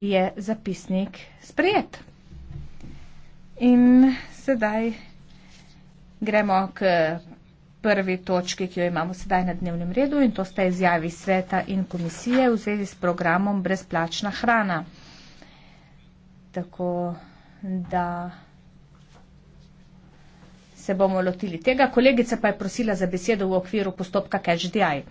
je zapisnik sprejet. In sedaj gremo k prvi točki, ki jo imamo sedaj na dnevnem redu in to sta izjavi sveta in komisije v zvezi s programom brezplačna hrana. Tako da se bomo lotili tega. Kolegica pa je prosila za besedo v okviru postopka Catch the Eye.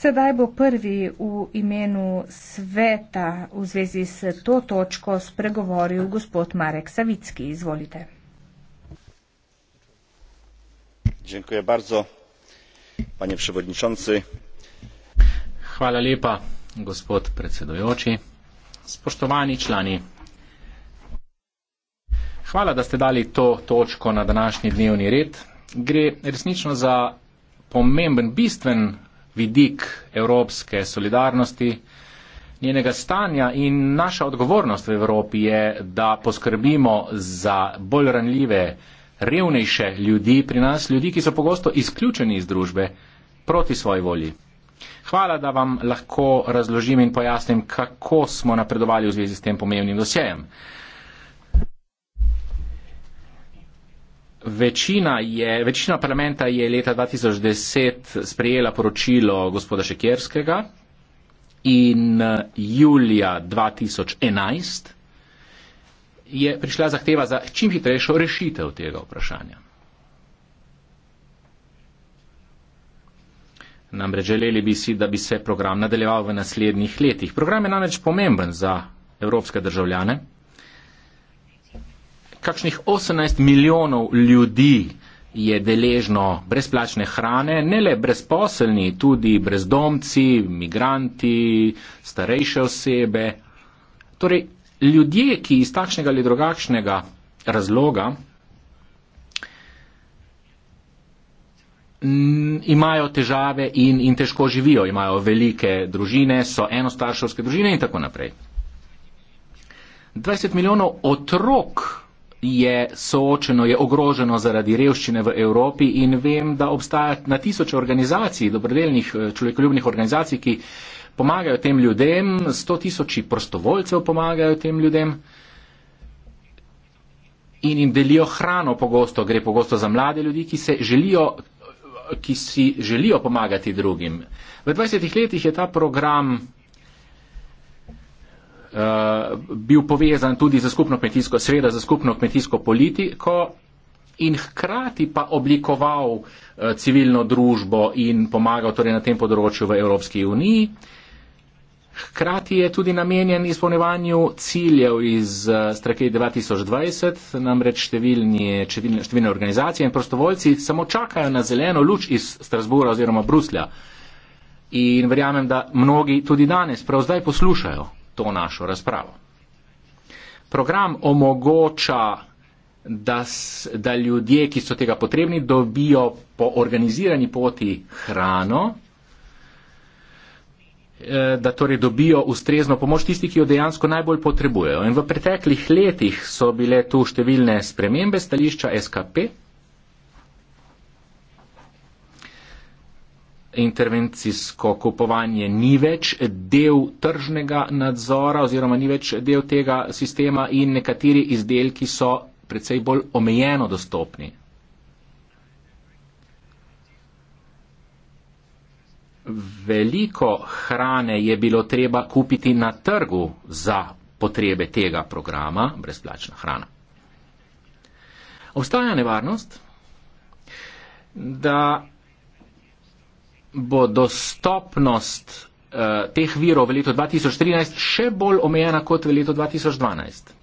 Sedaj bo prvi v imenu sveta v zvezi s to točko spregovoril gospod Marek Savicki. Izvolite. Dziękuję bardzo, panie przewodniczący. Hvala lepa, gospod predsedujoči. Spoštovani člani, hvala, da ste dali to točko na današnji dnevni red. Gre resnično za pomemben, bistven vidik evropske solidarnosti, njenega stanja in naša odgovornost v Evropi je, da poskrbimo za bolj ranljive, revnejše ljudi pri nas, ljudi, ki so pogosto izključeni iz družbe proti svoji volji. Hvala, da vam lahko razložim in pojasnim, kako smo napredovali v zvezi s tem pomembnim dosjejem. Večina, je, večina parlamenta je leta 2010 sprejela poročilo gospoda Šekerskega in eh, julija 2011 je prišla zahteva za čim hitrejšo rešitev tega vprašanja. Namreč želeli bi si, da bi se program nadaljeval v naslednjih letih. Program je namreč pomemben za evropske državljane kakšnih 18 milijonov ljudi je deležno brezplačne hrane, ne le brezposelni, tudi brezdomci, migranti, starejše osebe. Torej, ljudje, ki iz takšnega ali drugačnega razloga imajo težave in, in težko živijo, imajo velike družine, so enostarševske družine in tako naprej. 20 milijonov otrok je soočeno, je ogroženo zaradi revščine v Evropi in vem, da obstaja na tisoče organizacij, dobrodelnih eh, človekoljubnih organizacij, ki pomagajo tem ljudem, sto tisoči prostovoljcev pomagajo tem ljudem in jim delijo hrano pogosto, gre pogosto za mlade ljudi, ki, želijo, ki si želijo pomagati drugim. V 20 letih je ta program Eh, bil povezan tudi za skupno kmetijsko, sveda za skupno kmetijsko politiko in hkrati pa oblikoval eh, civilno družbo in pomagal torej na tem področju v Evropski uniji. Hkrati je tudi namenjen izpolnevanju ciljev iz eh, strategije 2020, namreč številni, številne, številne organizacije in prostovoljci samo čakajo na zeleno luč iz Strasbura oziroma Bruslja. In verjamem, da mnogi tudi danes, prav zdaj poslušajo to našo razpravo. Program omogoča, da, da ljudje, ki so tega potrebni, dobijo po organizirani poti hrano, eh, da torej dobijo ustrezno pomoč tisti, ki jo dejansko najbolj potrebujejo. In v preteklih letih so bile tu številne spremembe stališča SKP. intervencijsko kupovanje ni več del tržnega nadzora oziroma ni več del tega sistema in nekateri izdelki so predvsej bolj omejeno dostopni. Veliko hrane je bilo treba kupiti na trgu za potrebe tega programa, brezplačna hrana. Obstaja nevarnost, da bo dostopnost uh, teh virov v letu 2013 še bolj omejena kot v letu 2012.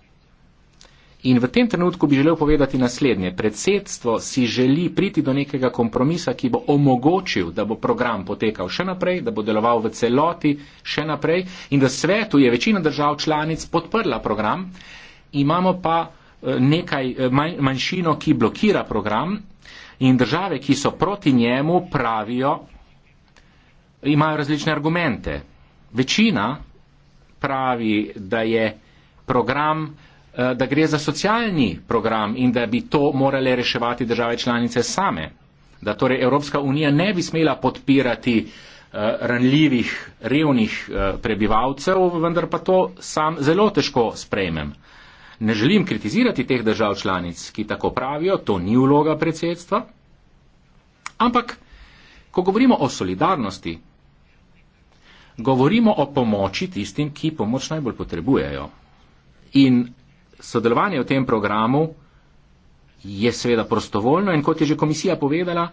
In v tem trenutku bi želel povedati naslednje. Predsedstvo si želi priti do nekega kompromisa, ki bo omogočil, da bo program potekal še naprej, da bo deloval v celoti še naprej in da svetu je večina držav članic podprla program. Imamo pa eh, nekaj eh, manjšino, ki blokira program in države, ki so proti njemu, pravijo, imajo različne argumente. Večina pravi, da je program, eh, da gre za socialni program in da bi to morale reševati države članice same. Da torej Evropska unija ne bi smela podpirati eh, ranljivih, revnih eh, prebivalcev, vendar pa to sam zelo težko sprejmem. Ne želim kritizirati teh držav članic, ki tako pravijo, to ni vloga predsedstva. Ampak, ko govorimo o solidarnosti, govorimo o pomoči tistim, ki pomoč najbolj potrebujejo. In sodelovanje v tem programu je seveda prostovoljno in kot je že komisija povedala,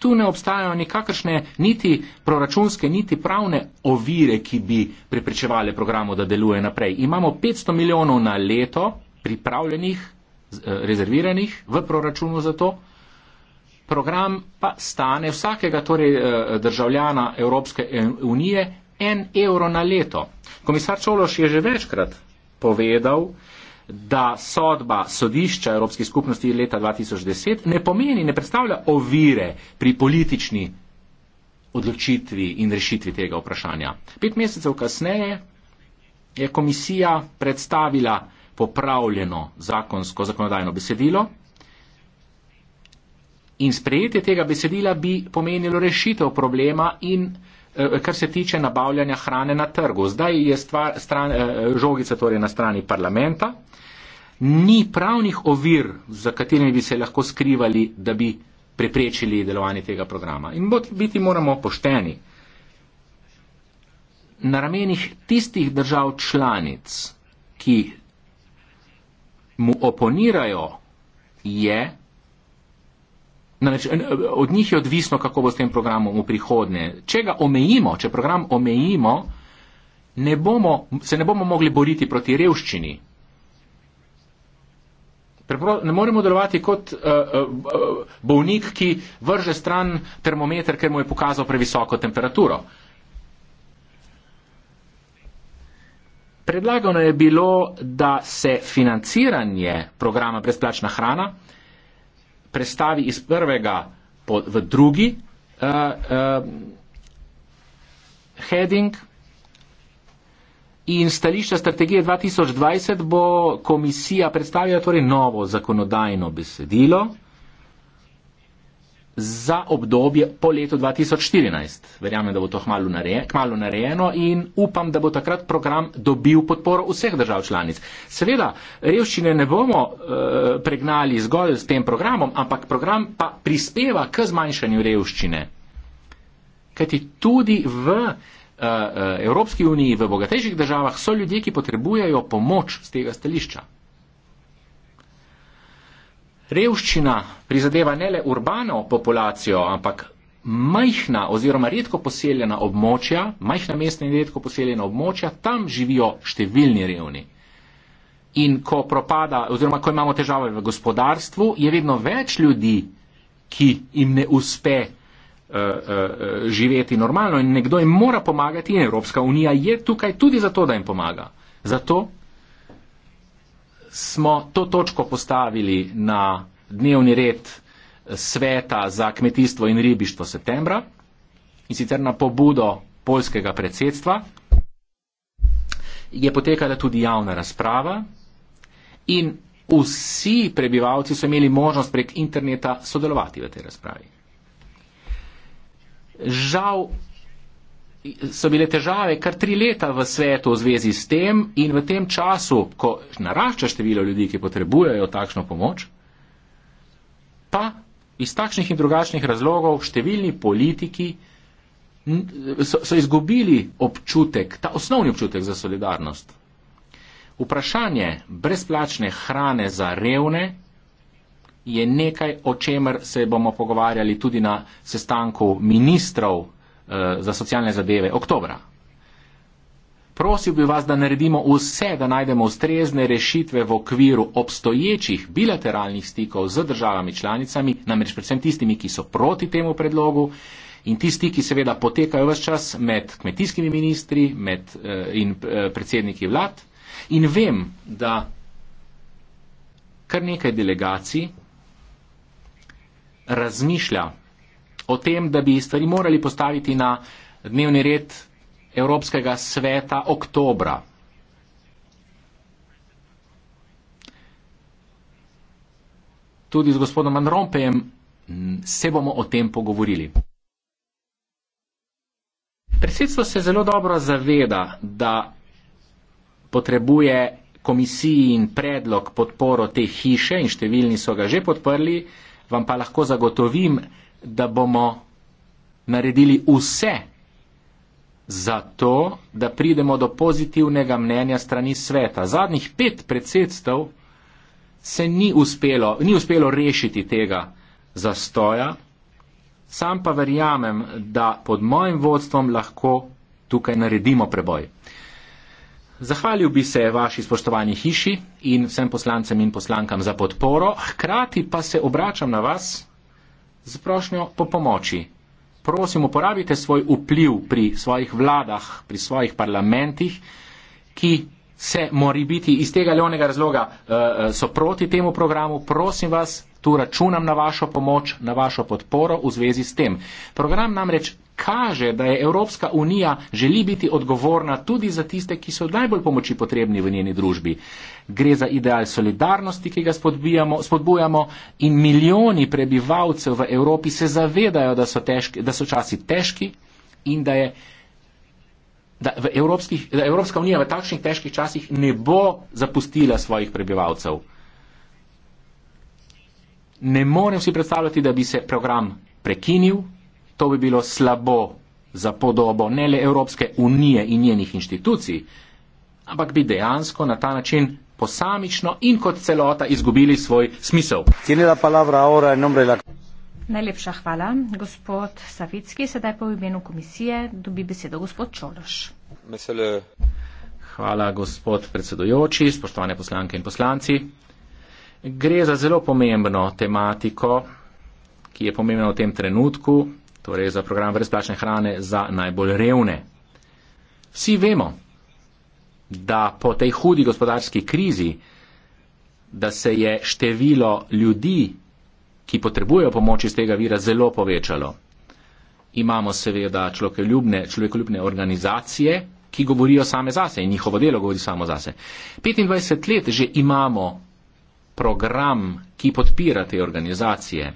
tu ne obstajajo nikakršne niti proračunske, niti pravne ovire, ki bi pripričevali programu, da deluje naprej. Imamo 500 milijonov na leto pripravljenih, eh, rezerviranih v proračunu za to program pa stane vsakega torej, eh, državljana Evropske unije en evro na leto. Komisar Čološ je že večkrat povedal, da sodba sodišča Evropske skupnosti leta 2010 ne pomeni, ne predstavlja ovire pri politični odločitvi in rešitvi tega vprašanja. Pet mesecev kasneje je komisija predstavila popravljeno zakonsko zakonodajno besedilo, In sprejetje tega besedila bi pomenilo rešitev problema in eh, kar se tiče nabavljanja hrane na trgu. Zdaj je stvar, stran, eh, žogica torej na strani parlamenta. Ni pravnih ovir, za katerimi bi se lahko skrivali, da bi preprečili delovanje tega programa. In biti moramo pošteni. Na ramenih tistih držav članic, ki mu oponirajo, je Namreč eh, od njih je odvisno, kako bo s tem programom v prihodnje. Če ga omejimo, če program omejimo, ne bomo, se ne bomo mogli boriti proti revščini. Ne moremo delovati kot eh, eh, bovnik, ki vrže stran termometer, ker mu je pokazal previsoko temperaturo. Predlagano je bilo, da se financiranje programa brezplačna hrana prestavi iz prvega pod, v drugi uh, uh, heading in stališča strategije 2020 bo komisija predstavila torej novo zakonodajno besedilo za obdobje po letu 2014. Verjamem, da bo to kmalo narejeno in upam, da bo takrat program dobil podporo vseh držav članic. Seveda, revščine ne bomo e, pregnali zgolj s tem programom, ampak program pa prispeva k zmanjšanju revščine. Kajti tudi v e, Evropski uniji, v bogatejših državah so ljudje, ki potrebujejo pomoč z tega stališča. Revščina prizadeva ne le urbano populacijo, ampak majhna oziroma redko poseljena območja, majhna mesta in redko poseljena območja, tam živijo številni revni. In ko propada oziroma ko imamo težave v gospodarstvu, je vedno več ljudi, ki jim ne uspe uh, uh, živeti normalno in nekdo jim mora pomagati in Evropska unija je tukaj tudi zato, da jim pomaga. Zato, smo to točko postavili na dnevni red sveta za kmetijstvo in ribištvo septembra in sicer na pobudo polskega predsedstva je potekala tudi javna razprava in vsi prebivalci so imeli možnost prek interneta sodelovati v tej razpravi. Žal so bile težave kar tri leta v svetu v zvezi s tem in v tem času, ko narašča število ljudi, ki potrebujejo takšno pomoč, pa iz takšnih in drugačnih razlogov številni politiki so, so izgubili občutek, ta osnovni občutek za solidarnost. Vprašanje brezplačne hrane za revne je nekaj, o čemer se bomo pogovarjali tudi na sestanku ministrov Eh, za socialne zadeve oktobra. Prosil bi vas, da naredimo vse, da najdemo ustrezne rešitve v okviru obstoječih bilateralnih stikov z državami članicami, namreč predvsem tistimi, ki so proti temu predlogu in tisti, ki seveda potekajo vse čas med kmetijskimi ministri med, eh, in eh, predsedniki vlad. In vem, da kar nekaj delegacij razmišlja o tem, da bi stvari morali postaviti na dnevni red Evropskega sveta oktobra. Tudi z gospodom Van Rompejem se bomo o tem pogovorili. Predsedstvo se zelo dobro zaveda, da potrebuje komisiji in predlog podporo te hiše in številni so ga že podprli, vam pa lahko zagotovim, da bomo naredili vse za to, da pridemo do pozitivnega mnenja strani sveta. Zadnjih pet predsedstv se ni uspelo, ni uspelo rešiti tega zastoja, sam pa verjamem, da pod mojim vodstvom lahko tukaj naredimo preboj. Zahvalil bi se vaši spoštovani hiši in vsem poslancem in poslankam za podporo, hkrati pa se obračam na vas z prošnjo po pomoči. Prosim, uporabite svoj vpliv pri svojih vladah, pri svojih parlamentih, ki se mora biti iz tega ali onega razloga eh, eh, so proti temu programu. Prosim vas, tu računam na vašo pomoč, na vašo podporo v zvezi s tem. Program namreč kaže, da je Evropska unija želi biti odgovorna tudi za tiste, ki so najbolj pomoči potrebni v njeni družbi gre za ideal solidarnosti, ki ga spodbujamo in milijoni prebivalcev v Evropi se zavedajo, da so, težki, da so časi težki in da je da da Evropska unija v takšnih težkih časih ne bo zapustila svojih prebivalcev. Ne morem si predstavljati, da bi se program prekinil, to bi bilo slabo za podobo ne le Evropske unije in njenih inštitucij, ampak bi dejansko na ta način posamično in kot celota izgubili svoj smisel. Najlepša hvala, gospod Savicki. Sedaj pa v imenu komisije dobi besedo gospod Čološ. Mesele. Hvala, gospod predsedujoči, spoštovane poslanke in poslanci. Gre za zelo pomembno tematiko, ki je pomembna v tem trenutku, torej za program brezplačne hrane za najbolj revne. Vsi vemo, da po tej hudi gospodarski krizi, da se je število ljudi, ki potrebujejo pomoč iz tega vira, zelo povečalo. Imamo seveda človekoljubne organizacije, ki govorijo same zase in njihovo delo govori samo zase. 25 let že imamo program, ki podpira te organizacije.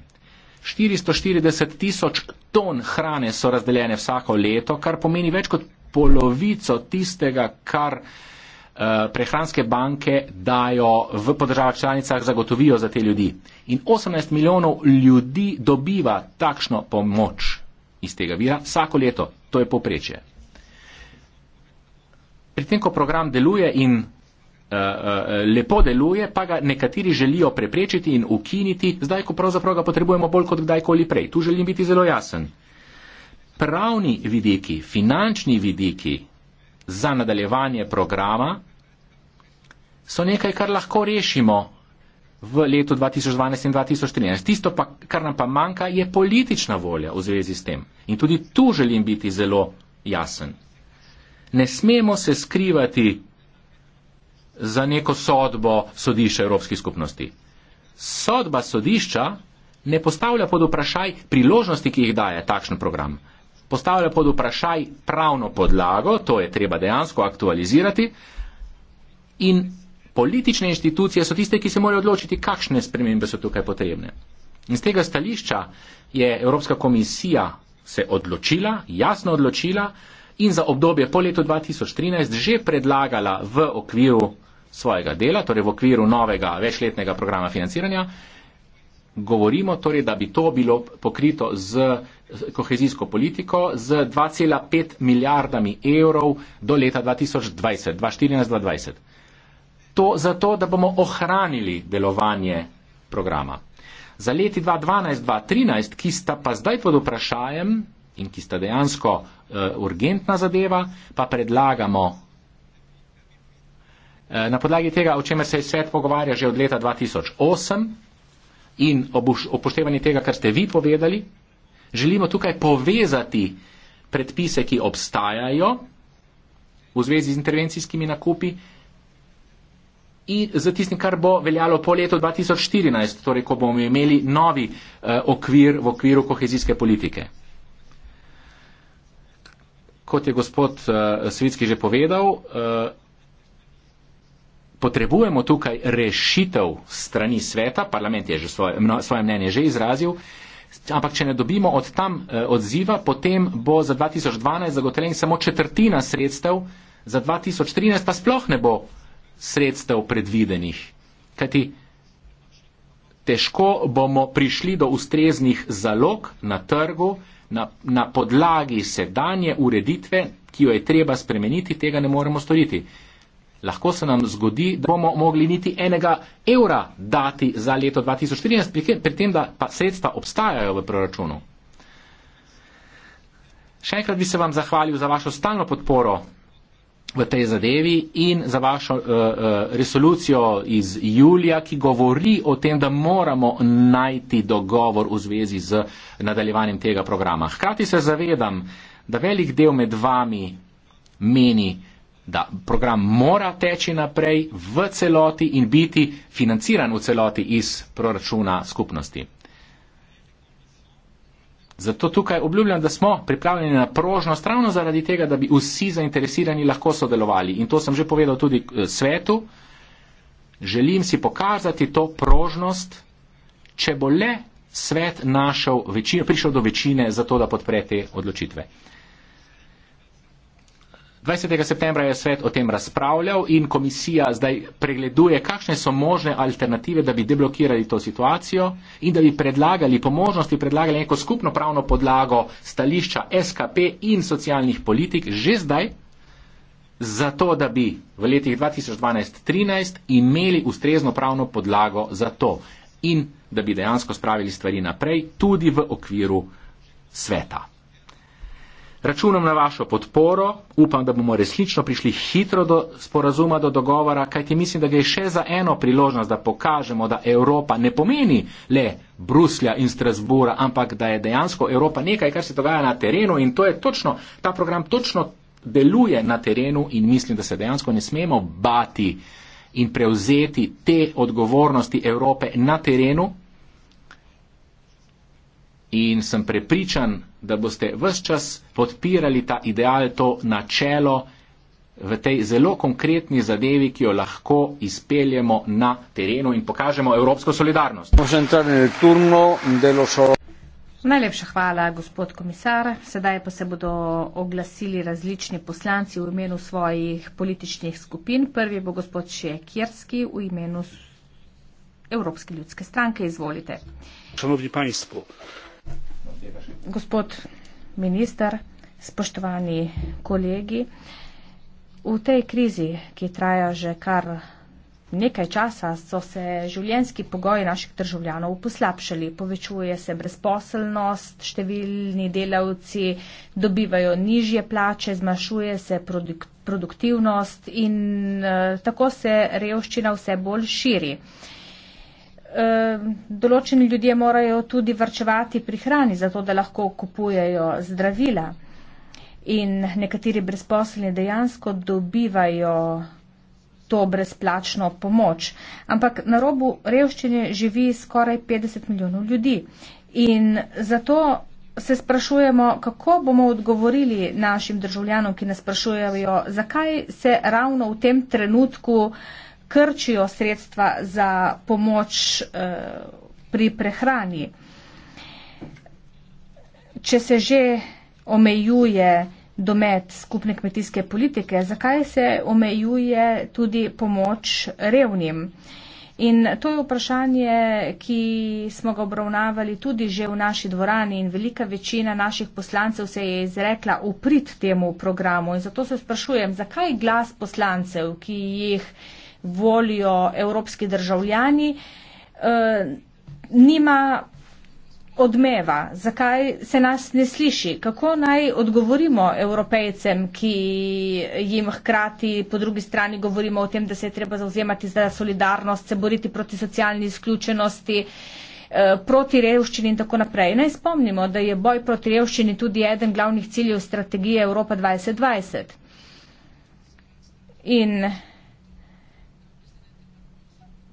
440 tisoč ton hrane so razdeljene vsako leto, kar pomeni več kot polovico tistega, kar eh, prehranske banke dajo v podržavah članicah, zagotovijo za te ljudi. In 18 milijonov ljudi dobiva takšno pomoč iz tega vira vsako leto. To je poprečje. Pri tem, ko program deluje in eh, eh, lepo deluje, pa ga nekateri želijo preprečiti in ukiniti, zdaj, ko pravzaprav ga potrebujemo bolj kot kdajkoli prej. Tu želim biti zelo jasen pravni vidiki, finančni vidiki za nadaljevanje programa so nekaj, kar lahko rešimo v letu 2012 in 2013. Tisto, pa, kar nam pa manjka, je politična volja v zvezi s tem. In tudi tu želim biti zelo jasen. Ne smemo se skrivati za neko sodbo sodišča Evropskih skupnosti. Sodba sodišča ne postavlja pod vprašaj priložnosti, ki jih daje takšen program postavlja pod vprašaj pravno podlago, to je treba dejansko aktualizirati in politične inštitucije so tiste, ki se morajo odločiti, kakšne spremembe so tukaj potrebne. In z tega stališča je Evropska komisija se odločila, jasno odločila in za obdobje po letu 2013 že predlagala v okviru svojega dela, torej v okviru novega večletnega programa financiranja, Govorimo torej, da bi to bilo pokrito z kohezijsko politiko z 2,5 milijardami evrov do leta 2020, 2014-2020. To zato, da bomo ohranili delovanje programa. Za leti 2012-2013, ki sta pa zdaj pod vprašajem in ki sta dejansko uh, urgentna zadeva, pa predlagamo uh, na podlagi tega, o čemer se je svet pogovarja že od leta 2008, in ob upoštevanju tega, kar ste vi povedali, želimo tukaj povezati predpise, ki obstajajo v zvezi z intervencijskimi nakupi in z tistim, kar bo veljalo po letu 2014, torej ko bomo imeli novi eh, okvir v okviru kohezijske politike. Kot je gospod eh, Svitski že povedal, eh, potrebujemo tukaj rešitev strani sveta, parlament je že svoje, svoje mnenje že izrazil, ampak če ne dobimo od tam eh, odziva, potem bo za 2012 zagotovljen samo četrtina sredstev, za 2013 pa sploh ne bo sredstev predvidenih. Kajti težko bomo prišli do ustreznih zalog na trgu, na, na podlagi sedanje ureditve, ki jo je treba spremeniti, tega ne moremo storiti lahko se nam zgodi, da bomo mogli niti enega evra dati za leto 2013, pri tem, da pa sredstva obstajajo v proračunu. Še enkrat bi se vam zahvalil za vašo stalno podporo v tej zadevi in za vašo uh, uh, resolucijo iz julija, ki govori o tem, da moramo najti dogovor v zvezi z nadaljevanjem tega programa. Hkrati se zavedam, da velik del med vami meni, da program mora teči naprej v celoti in biti financiran v celoti iz proračuna skupnosti. Zato tukaj obljubljam, da smo pripravljeni na prožnost ravno zaradi tega, da bi vsi zainteresirani lahko sodelovali. In to sem že povedal tudi eh, svetu. Želim si pokazati to prožnost, če bo le svet našel večino, prišel do večine za to, da podpre te odločitve. 20. septembra je svet o tem razpravljal in komisija zdaj pregleduje, kakšne so možne alternative, da bi deblokirali to situacijo in da bi predlagali, po možnosti predlagali neko skupno pravno podlago stališča SKP in socialnih politik že zdaj, zato da bi v letih 2012-2013 imeli ustrezno pravno podlago za to in da bi dejansko spravili stvari naprej tudi v okviru sveta. Računam na vašo podporo, upam, da bomo resnično prišli hitro do sporazuma, do dogovora, kajti mislim, da gre še za eno priložnost, da pokažemo, da Evropa ne pomeni le Bruslja in Strasbura, ampak da je dejansko Evropa nekaj, kar se dogaja na terenu in to je točno, ta program točno deluje na terenu in mislim, da se dejansko ne smemo bati in prevzeti te odgovornosti Evrope na terenu, in sem prepričan, da boste vse čas podpirali ta ideal, to načelo v tej zelo konkretni zadevi, ki jo lahko izpeljemo na terenu in pokažemo evropsko solidarnost. Najlepša hvala, gospod komisar. Sedaj pa se bodo oglasili različni poslanci v imenu svojih političnih skupin. Prvi bo gospod Šekirski v imenu Evropske ljudske stranke. Izvolite. Šanovni panjstvo, Gospod minister, spoštovani kolegi, v tej krizi, ki traja že kar nekaj časa, so se življenski pogoji naših državljanov poslabšali. Povečuje se brezposelnost, številni delavci dobivajo nižje plače, zmašuje se produktivnost in eh, tako se revščina vse bolj širi. Ehm, določeni ljudje morajo tudi vrčevati pri hrani, zato da lahko kupujejo zdravila. In nekateri brezposelni dejansko dobivajo to brezplačno pomoč. Ampak na robu revščine živi skoraj 50 milijonov ljudi. In zato se sprašujemo, kako bomo odgovorili našim državljanom, ki nas sprašujejo, zakaj se ravno v tem trenutku uh, krčijo sredstva za pomoč eh, pri prehrani. Če se že omejuje domet skupne kmetijske politike, zakaj se omejuje tudi pomoč revnim? In to je vprašanje, ki smo ga obravnavali tudi že v naši dvorani in velika večina naših poslancev se je izrekla uprit temu programu. In zato se sprašujem, zakaj glas poslancev, ki jih volijo evropski državljani, eh, nima odmeva, zakaj se nas ne sliši, kako naj odgovorimo evropejcem, ki jim hkrati po drugi strani govorimo o tem, da se je treba zauzemati za solidarnost, se boriti proti socialni izključenosti, eh, proti revščini in tako naprej. Naj spomnimo, da je boj proti revščini tudi eden glavnih ciljev strategije Evropa 2020. In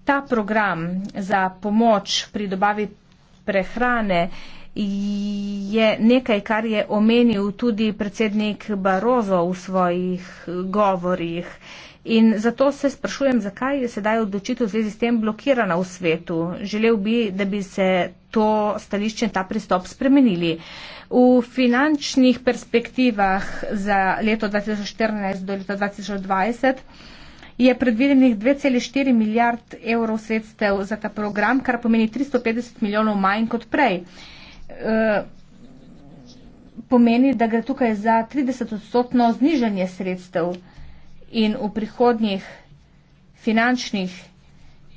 ta program za pomoč pri dobavi prehrane je nekaj, kar je omenil tudi predsednik Barozo v svojih govorih. In zato se sprašujem, zakaj je sedaj odločitev v zvezi s tem blokirana v svetu. Želel bi, da bi se to stališče in ta pristop spremenili. V finančnih perspektivah za leto 2014 do leta 2020 je predvidenih 2,4 milijard evrov sredstev za ta program, kar pomeni 350 milijonov manj kot prej. E, pomeni, da gre tukaj za 30 odstotno znižanje sredstev in v prihodnjih finančnih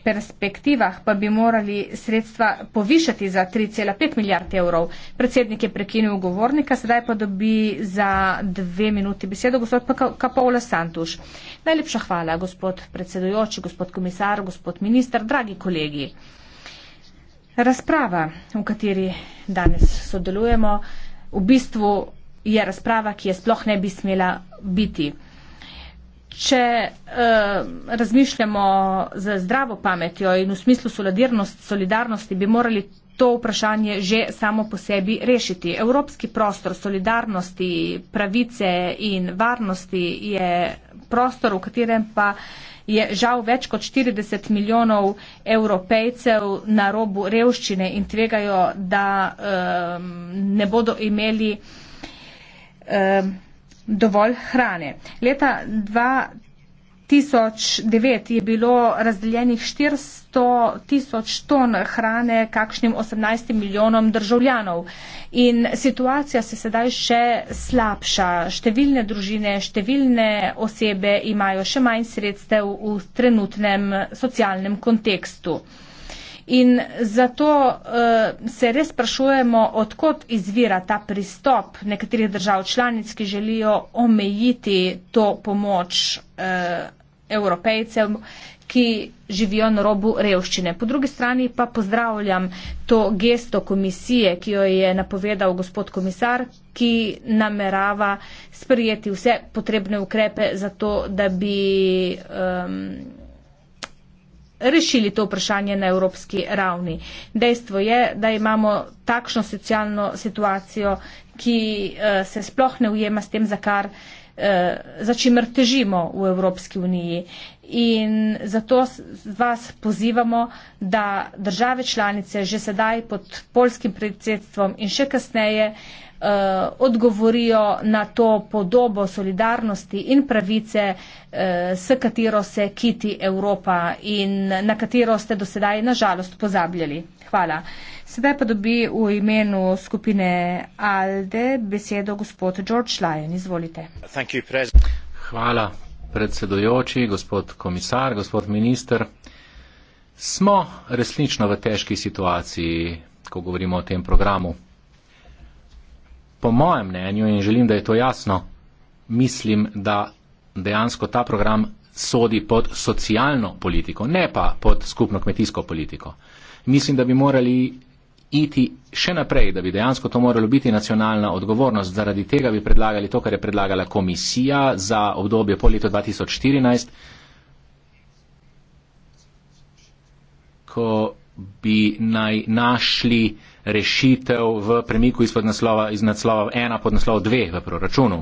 perspektivah pa bi morali sredstva povišati za 3,5 milijard evrov. Predsednik je prekinil govornika, sedaj pa dobi za dve minuti besedo gospod Kapola Santuš. Najlepša hvala, gospod predsedujoči, gospod komisar, gospod minister, dragi kolegi. Razprava, v kateri danes sodelujemo, v bistvu je razprava, ki je sploh ne bi smela biti. Če eh, razmišljamo z zdravo pametjo in v smislu solidarnosti, bi morali to vprašanje že samo po sebi rešiti. Evropski prostor solidarnosti, pravice in varnosti je prostor, v katerem pa je žal več kot 40 milijonov evropejcev na robu revščine in tvegajo, da eh, ne bodo imeli. Eh, dovolj hrane. Leta 2009 je bilo razdeljenih 400 tisoč ton hrane kakšnim 18 milijonom državljanov in situacija se sedaj še slabša. Številne družine, številne osebe imajo še manj sredstev v trenutnem socialnem kontekstu. In zato uh, se res sprašujemo, odkot izvira ta pristop nekaterih držav članic, ki želijo omejiti to pomoč uh, eh, evropejcem, ki živijo na robu revščine. Po drugi strani pa pozdravljam to gesto komisije, ki jo je napovedal gospod komisar, ki namerava sprijeti vse potrebne ukrepe za to, da bi. Um, rešili to vprašanje na evropski ravni. Dejstvo je, da imamo takšno socialno situacijo, ki uh, se sploh ne ujema s tem, za, kar, uh, za čimer težimo v Evropski uniji. In zato vas pozivamo, da države članice že sedaj pod polskim predsedstvom in še kasneje uh, Eh, odgovorijo na to podobo solidarnosti in pravice, eh, s katero se kiti Evropa in na katero ste do sedaj nažalost pozabljali. Hvala. Sedaj pa dobi v imenu skupine ALDE besedo gospod George Lyon. Izvolite. Hvala predsedojoči, gospod komisar, gospod minister. Smo resnično v težki situaciji, ko govorimo o tem programu po mojem mnenju in želim, da je to jasno, mislim, da dejansko ta program sodi pod socialno politiko, ne pa pod skupno kmetijsko politiko. Mislim, da bi morali iti še naprej, da bi dejansko to moralo biti nacionalna odgovornost. Zaradi tega bi predlagali to, kar je predlagala komisija za obdobje po letu 2014, ko bi naj našli rešitev v premiku izpod naslova, iz naslova ena pod naslov dve v proračunu.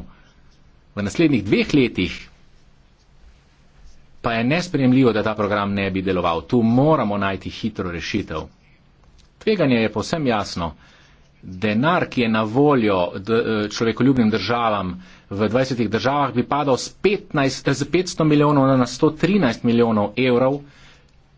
V naslednjih dveh letih pa je nespremljivo, da ta program ne bi deloval. Tu moramo najti hitro rešitev. Tveganje je povsem jasno. Denar, ki je na voljo e, človekoljubnim državam v 20 državah, bi padal z 15, 500 milijonov na 113 milijonov evrov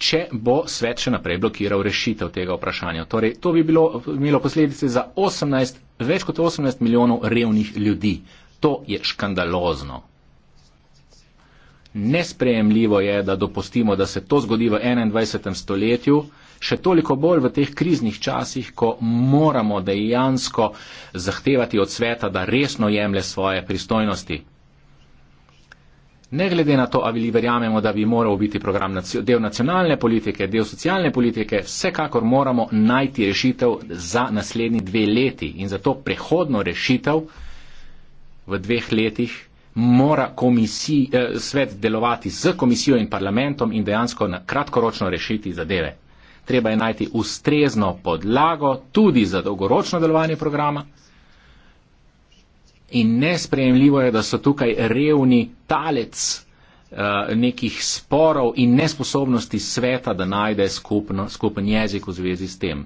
če bo svet še naprej blokiral rešitev tega vprašanja. Torej, to bi bilo, imelo posledice za 18, več kot 18 milijonov revnih ljudi. To je škandalozno. Nesprejemljivo je, da dopustimo, da se to zgodi v 21. stoletju, še toliko bolj v teh kriznih časih, ko moramo dejansko zahtevati od sveta, da resno jemlje svoje pristojnosti ne glede na to, ali verjamemo, da bi moral biti program del nacionalne politike, del socialne politike, vsekakor moramo najti rešitev za naslednji dve leti in zato prehodno rešitev v dveh letih mora komisij, eh, svet delovati z komisijo in parlamentom in dejansko na kratkoročno rešiti zadeve. Treba je najti ustrezno podlago tudi za dolgoročno delovanje programa. In nesprejemljivo je, da so tukaj revni talec eh, nekih sporov in nesposobnosti sveta, da najde skupno, skupen jezik v zvezi s tem.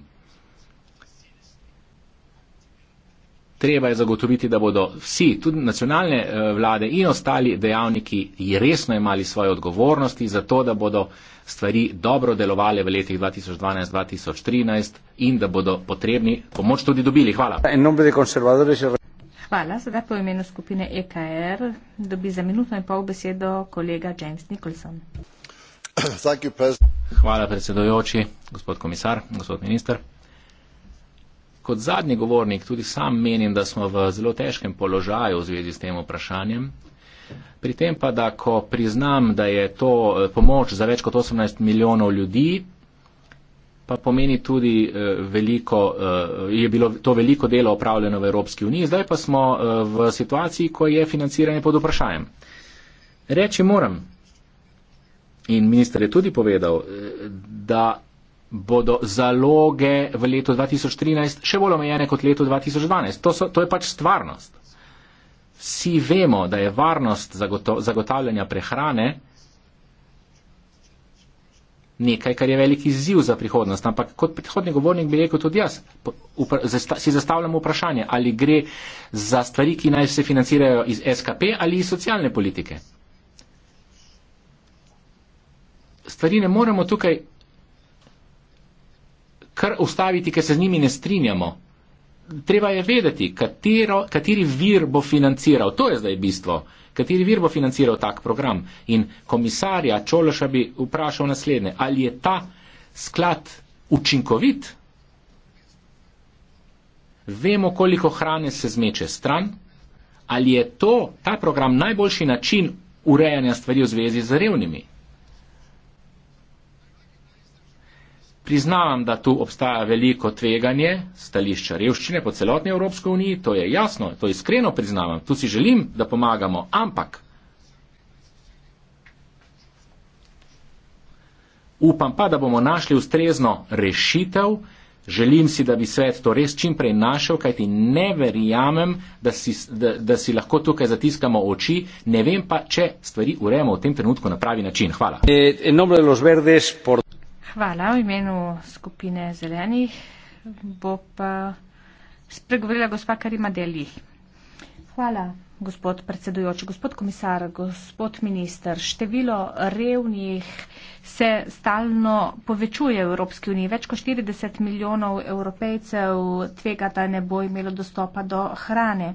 Treba je zagotoviti, da bodo vsi, tudi nacionalne eh, vlade in ostali dejavniki, resno imali svoje odgovornosti za to, da bodo stvari dobro delovale v letih 2012-2013 in da bodo potrebni pomoč tudi dobili. Hvala. Hvala. Sedaj po imenu skupine EKR dobi za minuto in pol besedo kolega James Nicholson. Hvala predsedojoči, gospod komisar, gospod minister. Kot zadnji govornik tudi sam menim, da smo v zelo težkem položaju v zvezi s tem vprašanjem. Pri tem pa, da ko priznam, da je to eh, pomoč za več kot 18 milijonov ljudi, pa pomeni tudi eh, veliko, eh, je bilo to veliko delo opravljeno v Evropski uniji, zdaj pa smo eh, v situaciji, ko je financiranje pod vprašajem. Reči moram, in minister je tudi povedal, da bodo zaloge v letu 2013 še bolj omejene kot letu 2012. To, so, to je pač stvarnost. Vsi vemo, da je varnost zagotavljanja prehrane nekaj, kar je veliki ziv za prihodnost. Ampak kot predhodni govornik bi rekel tudi jaz, si zastavljamo vprašanje, ali gre za stvari, ki naj se financirajo iz SKP ali iz socialne politike. Stvari ne moremo tukaj kar ustaviti, ker se z njimi ne strinjamo treba je vedeti, katero, kateri vir bo financiral, to je zdaj bistvo, kateri vir bo financiral tak program. In komisarja Čološa bi vprašal naslednje, ali je ta sklad učinkovit? Vemo, koliko hrane se zmeče stran, ali je to, ta program najboljši način urejanja stvari v zvezi z revnimi. Priznavam, da tu obstaja veliko tveganje stališča revščine po celotni Evropski uniji, to je jasno, to iskreno priznavam, tu si želim, da pomagamo, ampak upam pa, da bomo našli ustrezno rešitev, želim si, da bi svet to res čimprej našel, kajti ne verjamem, da si, da, da si lahko tukaj zatiskamo oči, ne vem pa, če stvari urejamo v tem trenutku na pravi način. Hvala. E, Hvala v imenu skupine zelenih. Bo pa spregovorila gospa Karima Deli. Hvala, gospod predsedujoči, gospod komisar, gospod minister. Število revnih se stalno povečuje v Evropski uniji. Več kot 40 milijonov evropejcev tvega, da ne bo imelo dostopa do hrane.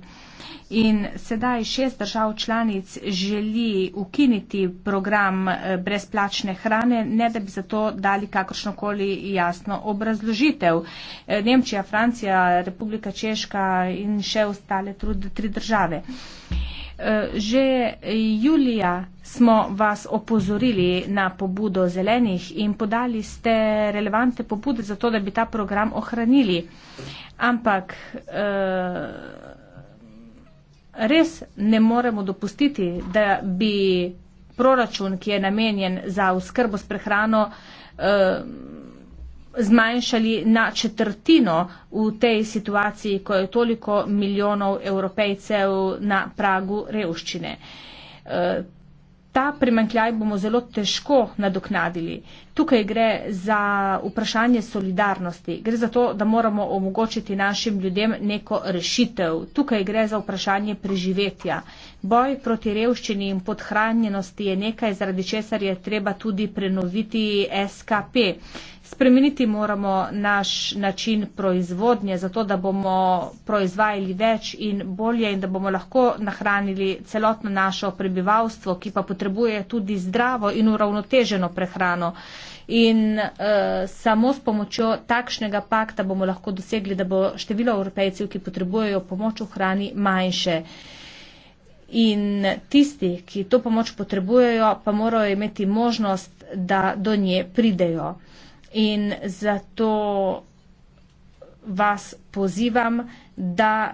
In sedaj šest držav članic želi ukiniti program eh, brezplačne hrane, ne da bi za to dali kakršnokoli jasno obrazložitev. Eh, Nemčija, Francija, Republika Češka in še ostale tri države. Eh, že julija smo vas opozorili na pobudo zelenih in podali ste relevante pobude za to, da bi ta program ohranili. Ampak. Eh, Res ne moremo dopustiti, da bi proračun, ki je namenjen za uskrbo s prehrano, eh, zmanjšali na četrtino v tej situaciji, ko je toliko milijonov evropejcev na pragu revščine. Eh, ta primankljaj bomo zelo težko nadoknadili. Tukaj gre za vprašanje solidarnosti, gre za to, da moramo omogočiti našim ljudem neko rešitev. Tukaj gre za vprašanje preživetja. Boj proti revščini in podhranjenosti je nekaj, zaradi česar je treba tudi prenoviti SKP. Uh, Spremeniti moramo naš način proizvodnje, zato da bomo proizvajali več in bolje in da bomo lahko nahranili celotno našo prebivalstvo, ki pa potrebuje tudi zdravo in uravnoteženo prehrano. In uh, samo s pomočjo takšnega pakta bomo lahko dosegli, da bo število evropejcev, ki potrebujejo pomoč v hrani, manjše. In tisti, ki to pomoč potrebujejo, pa morajo imeti možnost, da do nje pridejo. In zato vas pozivam, da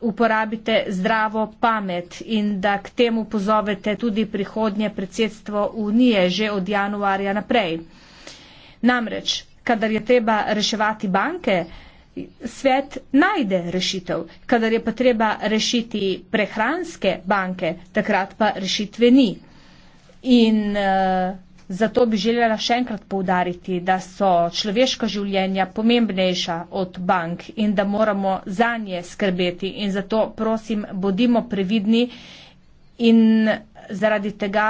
uporabite zdravo pamet in da k temu pozovete tudi prihodnje predsedstvo Unije že od januarja naprej. Namreč, kadar je treba reševati banke, svet najde rešitev. Kadar je pa treba rešiti prehranske banke, takrat pa rešitve ni. In uh, Zato bi želela še enkrat povdariti, da so človeška življenja pomembnejša od bank in da moramo za nje skrbeti. In zato prosim, bodimo previdni in zaradi tega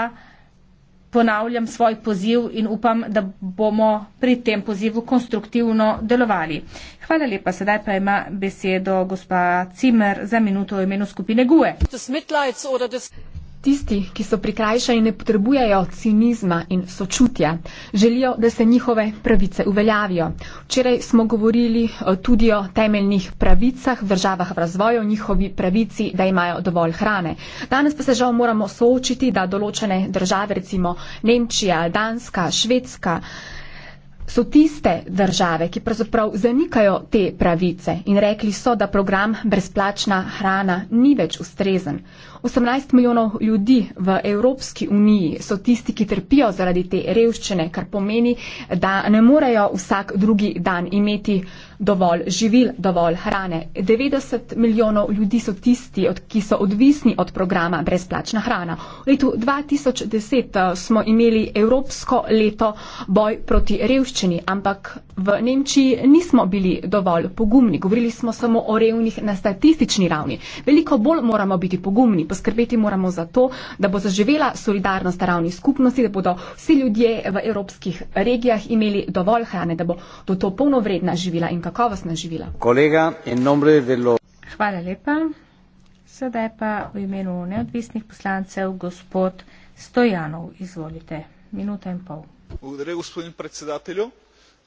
ponavljam svoj poziv in upam, da bomo pri tem pozivu konstruktivno delovali. Hvala lepa. Sedaj pa ima besedo gospa Cimer za minuto v imenu skupine GUE. Tisti, ki so prikrajšani, ne potrebujejo cinizma in sočutja. Želijo, da se njihove pravice uveljavijo. Včeraj smo govorili eh, tudi o temeljnih pravicah v državah v razvoju, njihovi pravici, da imajo dovolj hrane. Danes pa se žal moramo soočiti, da določene države, recimo Nemčija, Danska, Švedska, so tiste države, ki pravzaprav zanikajo te pravice in rekli so, da program brezplačna hrana ni več ustrezen. 18 milijonov ljudi v Evropski uniji so tisti, ki trpijo zaradi te revščine, kar pomeni, da ne morejo vsak drugi dan imeti dovolj živil, dovolj hrane. 90 milijonov ljudi so tisti, ki so odvisni od programa brezplačna hrana. V letu 2010 eh, smo imeli Evropsko leto boj proti revščini, ampak v Nemčiji nismo bili dovolj pogumni. Govorili smo samo o revnih na statistični ravni. Veliko bolj moramo biti pogumni poskrbeti moramo za to, da bo zaživela solidarnost naravnih skupnosti, da bodo vsi ljudje v evropskih regijah imeli dovolj hrane, da bo do to polnovredna živila in kakovostna živila. Kolega, Hvala lepa. Sedaj pa v imenu neodvisnih poslancev gospod Stojanov. Izvolite. Minuta in pol. Благодаря, господин председателю.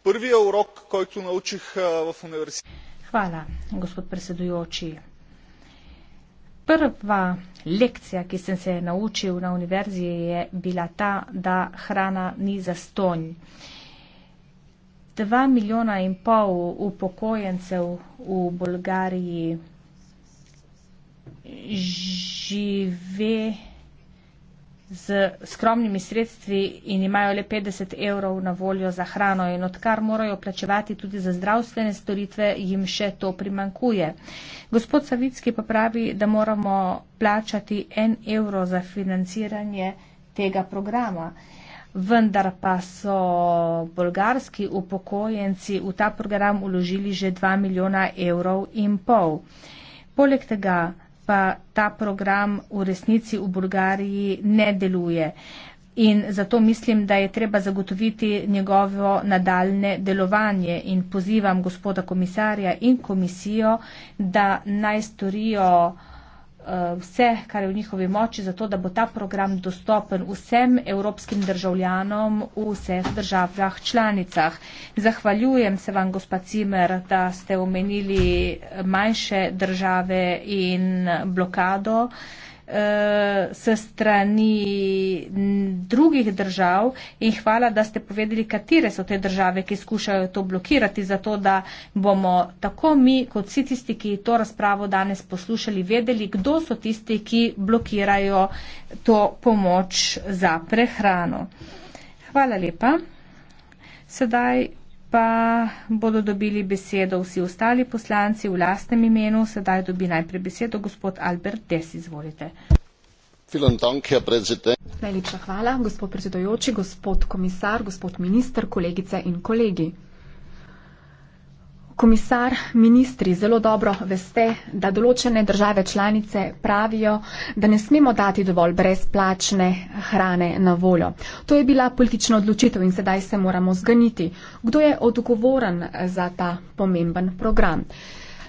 Първия урок, който научих в университета. Хвала, господ председуючий. Prva lekcija, ki sem se naučil na univerzi, je bila ta, da hrana ni zastonj. Dva milijona in pol upokojencev v Bolgariji živi z skromnimi sredstvi in imajo le 50 evrov na voljo za hrano in odkar morajo plačevati tudi za zdravstvene storitve, jim še to primankuje. Gospod Savicki pa pravi, da moramo plačati en evro za financiranje tega programa. Vendar pa so bolgarski upokojenci v ta program uložili že 2 milijona evrov in pol. Poleg tega pa ta program v resnici v Bulgariji ne deluje. In zato mislim, da je treba zagotoviti njegovo nadaljne delovanje in pozivam gospoda komisarja in komisijo, da naj storijo. Eh, vse, kar je v njihovi moči, zato da bo ta program dostopen vsem evropskim državljanom v vseh državah članicah. Zahvaljujem se vam, gospa Cimer, da ste omenili manjše države in blokado. Uh, se strani drugih držav in hvala, da ste povedali, katere so te države, ki skušajo to blokirati, zato da bomo tako mi, kot vsi tisti, ki to razpravo danes poslušali, vedeli, kdo so tisti, ki blokirajo to pomoč za prehrano. Hvala lepa. Sedaj pa bodo dobili besedo vsi ostali poslanci v lastnem imenu. Sedaj dobi najprej besedo gospod Albert Des, izvolite. Najlepša hvala, gospod predsedujoči, gospod komisar, gospod minister, kolegice in kolegi komisar, ministri zelo dobro veste, da določene države članice pravijo, da ne smemo dati dovolj brezplačne hrane na voljo. To je bila politična odločitev in sedaj se moramo zganiti, kdo je odgovoren za ta pomemben program.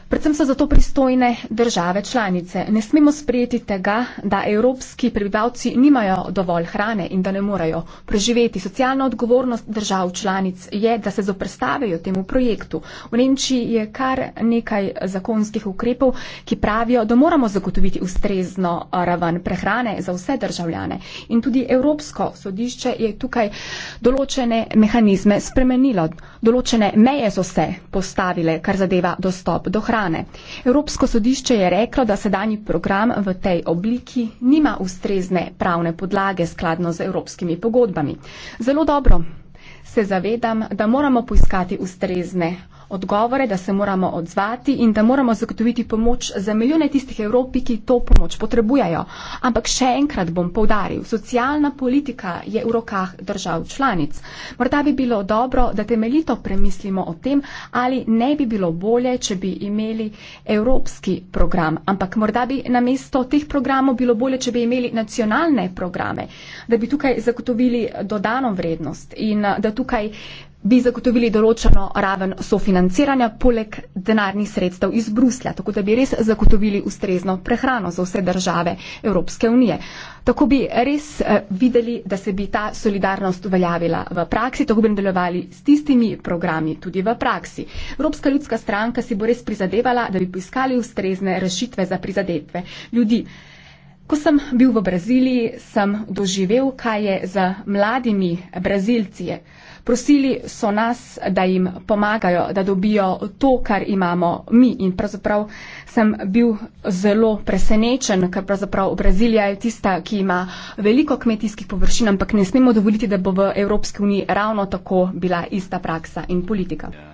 Predvsem so zato pristojne države članice. Ne smemo sprejeti tega, da evropski prebivalci nimajo dovolj hrane in da ne morejo preživeti. Socialna odgovornost držav članic je, da se zoprstavejo temu projektu. V Nemčiji je kar nekaj zakonskih ukrepov, ki pravijo, da moramo zagotoviti ustrezno raven prehrane za vse državljane. In tudi Evropsko sodišče je tukaj določene mehanizme spremenilo. Določene meje so se postavile, kar zadeva dostop do hrane hrane. Evropsko sodišče je reklo, da sedanji program v tej obliki nima ustrezne pravne podlage skladno z evropskimi pogodbami. Zelo dobro se zavedam, da moramo poiskati ustrezne odgovore, da se moramo odzvati in da moramo zagotoviti pomoč za milijone tistih Evropi, ki to pomoč potrebujajo. Ampak še enkrat bom povdaril, socialna politika je v rokah držav članic. Morda bi bilo dobro, da temeljito premislimo o tem, ali ne bi bilo bolje, če bi imeli evropski program. Ampak morda bi namesto teh programov bilo bolje, če bi imeli nacionalne programe, da bi tukaj zagotovili dodano vrednost in da tukaj bi zagotovili določeno raven sofinanciranja poleg denarnih sredstev iz Bruslja, tako da bi res zagotovili ustrezno prehrano za vse države Evropske unije. Tako bi res eh, videli, da se bi ta solidarnost uveljavila v praksi, tako bi nadaljevali s tistimi programi tudi v praksi. Evropska ljudska stranka si bo res prizadevala, da bi poiskali ustrezne rešitve za prizadetve ljudi. Ko sem bil v Braziliji, sem doživel, kaj je z mladimi Brazilci. Je. Prosili so nas, da jim pomagajo, da dobijo to, kar imamo mi. In pravzaprav sem bil zelo presenečen, ker pravzaprav Brazilija je tista, ki ima veliko kmetijskih površin, ampak ne smemo dovoliti, da bo v Evropski uniji ravno tako bila ista praksa in politika. Yeah.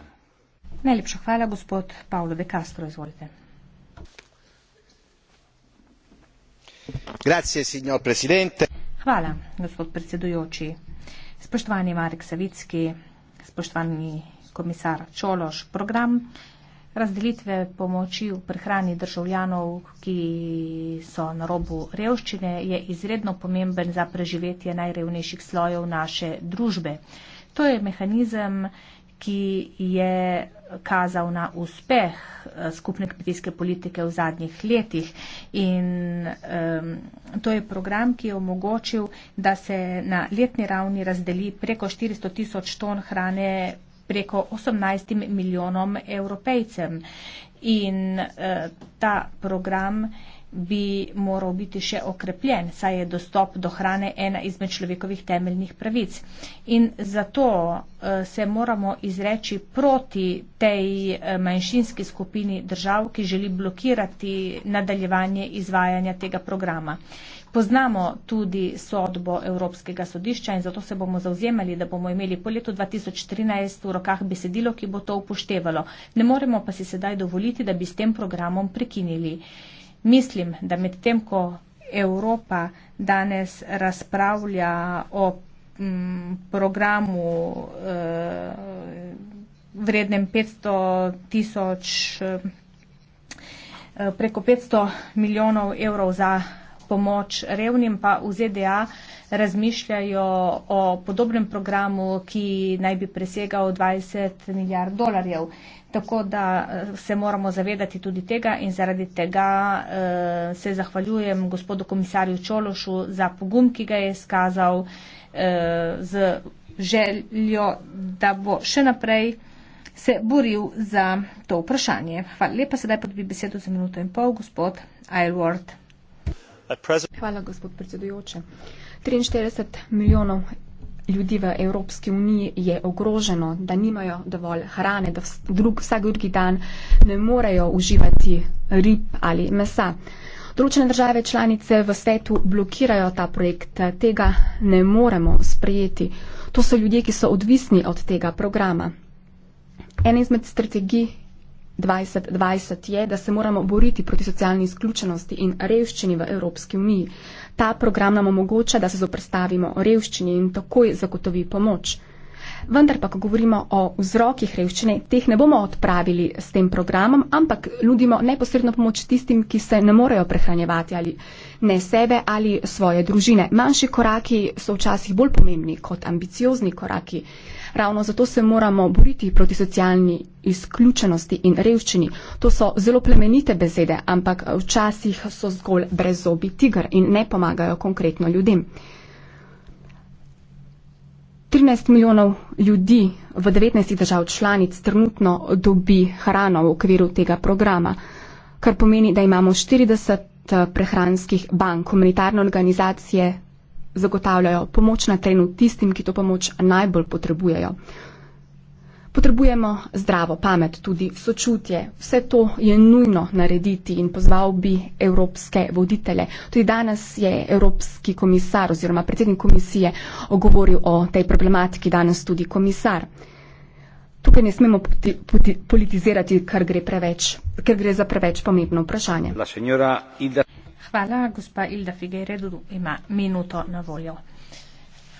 Najlepša hvala, gospod Pavlo De Castro, izvolite. Grazie, hvala, gospod predsedujoči. Spoštovani Marek Savicki, spoštovani komisar Čološ, program razdelitve pomoči v prehrani državljanov, ki so na robu revščine, je izredno pomemben za preživetje najrevnejših slojev naše družbe. To je mehanizem, ki je kazal na uspeh eh, skupne kmetijske politike v zadnjih letih. In um, to je program, ki je omogočil, da se na letni ravni razdeli preko 400 tisoč ton hrane preko 18 milijonom evropejcem. In uh, ta program bi moral biti še okrepljen, saj je dostop do hrane ena izmed človekovih temeljnih pravic. In zato eh, se moramo izreči proti tej eh, manjšinski skupini držav, ki želi blokirati nadaljevanje izvajanja tega programa. Poznamo tudi sodbo Evropskega sodišča in zato se bomo zauzemali, da bomo imeli po letu 2013 v rokah besedilo, ki bo to upoštevalo. Ne moremo pa si sedaj dovoliti, da bi s tem programom prekinili. Mislim, da medtem ko Evropa danes razpravlja o m, mm, programu e, vrednem 500 tisoč, e, preko 500 milijonov evrov za pomoč revnim, pa v ZDA razmišljajo o podobnem programu, ki naj bi presegal 20 milijard dolarjev. E, Tako da eh, se moramo zavedati tudi tega in zaradi tega eh, se zahvaljujem gospodu komisarju Čološu za pogum, ki ga je izkazal eh, z željo, da bo še naprej se boril za to vprašanje. Hvala lepa, sedaj pa bi besedo za minuto in pol, gospod Aylward. Hvala, gospod predsedujoče. 43 milijonov ljudi v Evropski uniji je ogroženo, da nimajo dovolj hrane, da drug, vsak drugi dan ne morejo uživati rib ali mesa. Določene države članice v svetu blokirajo ta projekt, tega ne moremo sprejeti. To so ljudje, ki so odvisni od tega programa. En izmed strategij 2020 je, da se moramo boriti proti socialni izključenosti in revščini v Evropski uniji ta program nam omogoča, da se zoprstavimo o revščini in takoj zagotovi pomoč. Vendar pa, ko govorimo o vzrokih revščine, teh ne bomo odpravili s tem programom, ampak nudimo neposredno pomoč tistim, ki se ne morejo prehranjevati ali ne sebe ali svoje družine. Manjši koraki so včasih bolj pomembni kot ambiciozni koraki. Uh, Ravno zato se moramo boriti proti socialni izključenosti in revščini. To so zelo plemenite besede, ampak včasih so zgolj brezobi tiger in ne pomagajo konkretno ljudem. 13 milijonov ljudi v 19 držav članic trenutno dobi hrano v okviru tega programa, kar pomeni, da imamo 40 eh, prehranskih bank, humanitarne organizacije, zagotavljajo pomoč na terenu tistim, ki to pomoč najbolj potrebujejo. Potrebujemo zdravo pamet, tudi sočutje. Vse to je nujno narediti in pozval bi evropske voditele. Tudi danes je evropski komisar oziroma predsednik komisije ogovoril o tej problematiki, danes tudi komisar. Tukaj ne smemo poti, poti, politizirati, ker gre, preveč, ker gre za preveč pomembno vprašanje. Hvala, gospa Ilda Figeredu ima minuto na voljo.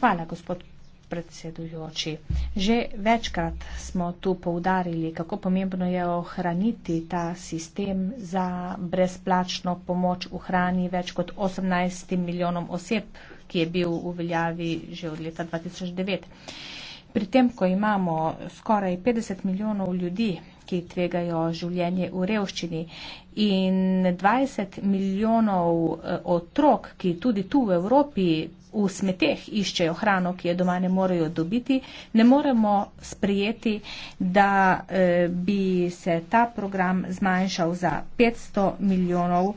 Hvala, gospod predsedujoči. Že večkrat smo tu poudarili, kako pomembno je ohraniti ta sistem za brezplačno pomoč v hrani več kot 18 milijonom oseb, ki je bil v veljavi že od leta 2009. Pri tem, ko imamo skoraj 50 milijonov ljudi, ki tvegajo življenje v revščini. In 20 milijonov eh, otrok, ki tudi tu v Evropi v smeteh iščejo hrano, ki je doma ne morejo dobiti, ne moremo sprejeti, da eh, bi se ta program zmanjšal za 500 milijonov.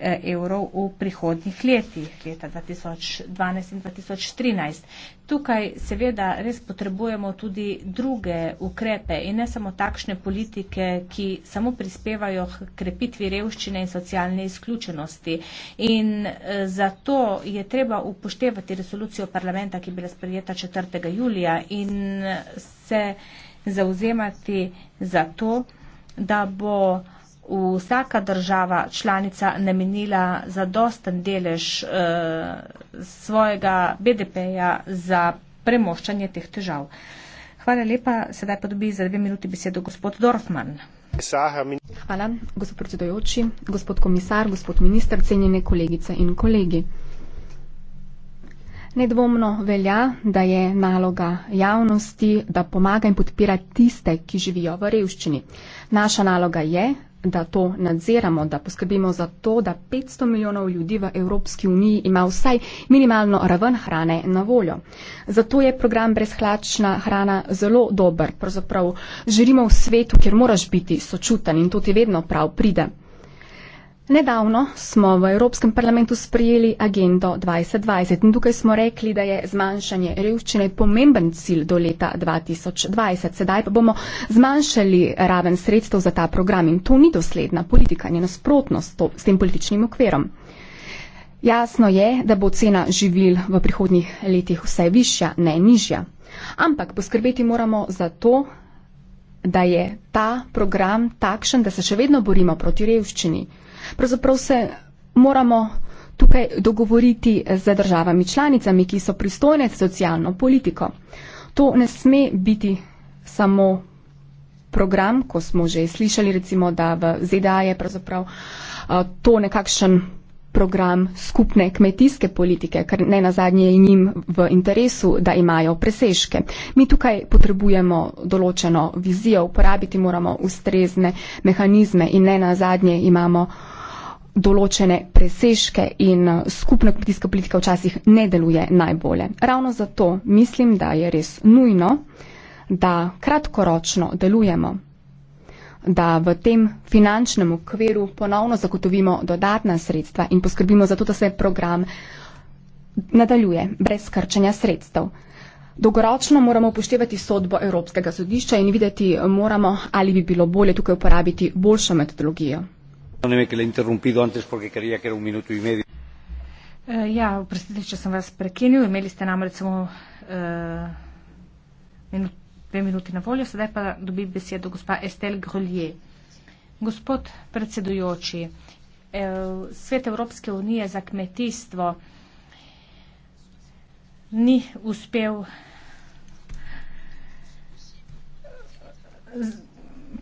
Eh, evrov v prihodnih letih, leta 2012 in 2013. Tukaj seveda res potrebujemo tudi druge ukrepe in ne samo takšne politike, ki samo prispevajo k krepitvi revščine in socialne izključenosti. In eh, zato je treba upoštevati resolucijo parlamenta, ki je bila sprejeta 4. julija in eh, se zauzemati za to, da bo vsaka država članica namenila zadosten delež eh, svojega BDP-ja za premoščanje teh težav. Hvala lepa. Sedaj pa dobi za dve minuti besedo gospod Dorfman. Hvala, gospod predsedojoči, gospod komisar, gospod minister, cenjene kolegice in kolegi. Nedvomno velja, da je naloga javnosti, da pomaga in podpira tiste, ki živijo v revščini. Naša naloga je, da to nadziramo, da poskrbimo za to, da 500 milijonov ljudi v Evropski uniji ima vsaj minimalno raven hrane na voljo. Zato je program brezhlačna hrana zelo dober. Pravzaprav živimo v svetu, kjer moraš biti sočuten in to ti vedno prav pride. Nedavno smo v Evropskem parlamentu sprejeli agendo 2020 in tukaj smo rekli, da je zmanjšanje revščine pomemben cilj do leta 2020. Sedaj pa bomo zmanjšali raven sredstev za ta program in to ni dosledna politika, ni nasprotnost s tem političnim okverom. Jasno je, da bo cena živil v prihodnjih letih vse višja, ne nižja. Ampak poskrbeti moramo za to, da je ta program takšen, da se še vedno borimo proti revščini pravzaprav se moramo tukaj dogovoriti z državami članicami, ki so pristojne s socialno politiko. To ne sme biti samo program, ko smo že slišali recimo, da v ZDA je pravzaprav to nekakšen program skupne kmetijske politike, ker ne nazadnje je njim v interesu, da imajo presežke. Mi tukaj potrebujemo določeno vizijo, uporabiti moramo ustrezne mehanizme in ne nazadnje imamo uh, določene presežke in eh, skupna kmetijska politika včasih ne deluje najbolje. Ravno zato mislim, da je res nujno, da kratkoročno delujemo, da v tem finančnem okviru ponovno zagotovimo dodatna sredstva in poskrbimo za to, da se program nadaljuje brez krčanja sredstev. Dolgoročno moramo upoštevati sodbo Evropskega sodišča in videti moramo, ali bi bilo bolje tukaj uporabiti boljšo metodologijo. Eh, ja, oprostite, če sem vas prekinil, imeli ste namreč samo uh, minut, dve minuti na voljo, sedaj pa dobi besedo gospa Estelle Grolje. Gospod predsedujoči, uh, svet Evropske unije za kmetijstvo ni uspel. Z,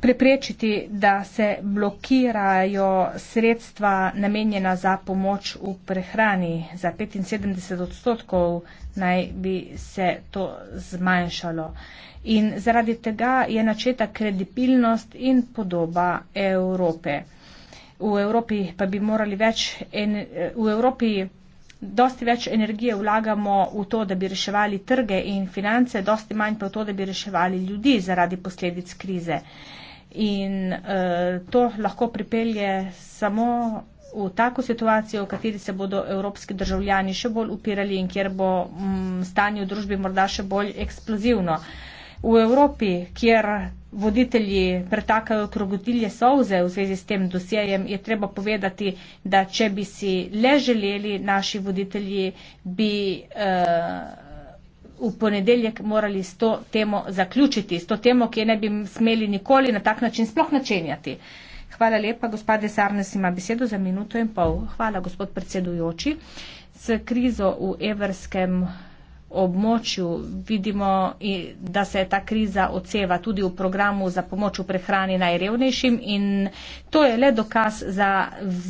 preprečiti, da se blokirajo sredstva namenjena za pomoč v prehrani. Za 75 odstotkov naj bi se to zmanjšalo. In zaradi tega je načeta kredibilnost in podoba Evrope. V Evropi pa bi morali več, en, v Evropi dosti več energije vlagamo v to, da bi reševali trge in finance, dosti manj pa v to, da bi reševali ljudi zaradi posledic krize in uh, to lahko pripelje samo v tako situacijo, v kateri se bodo evropski državljani še bolj upirali in kjer bo m, mm, stanje v družbi morda še bolj eksplozivno. V Evropi, kjer voditelji pretakajo krogotilje solze v zvezi s tem dosjejem, je treba povedati, da če bi si le želeli naši voditelji, bi. Uh, v ponedeljek morali s to temo zaključiti, s to temo, ki je ne bi smeli nikoli na tak način sploh načenjati. Hvala lepa, gospod Desarnes ima besedo za minuto in pol. Hvala, gospod predsedujoči. S krizo v evrskem območju. Vidimo, da se ta kriza odseva tudi v programu za pomoč v prehrani najrevnejšim in to je le dokaz za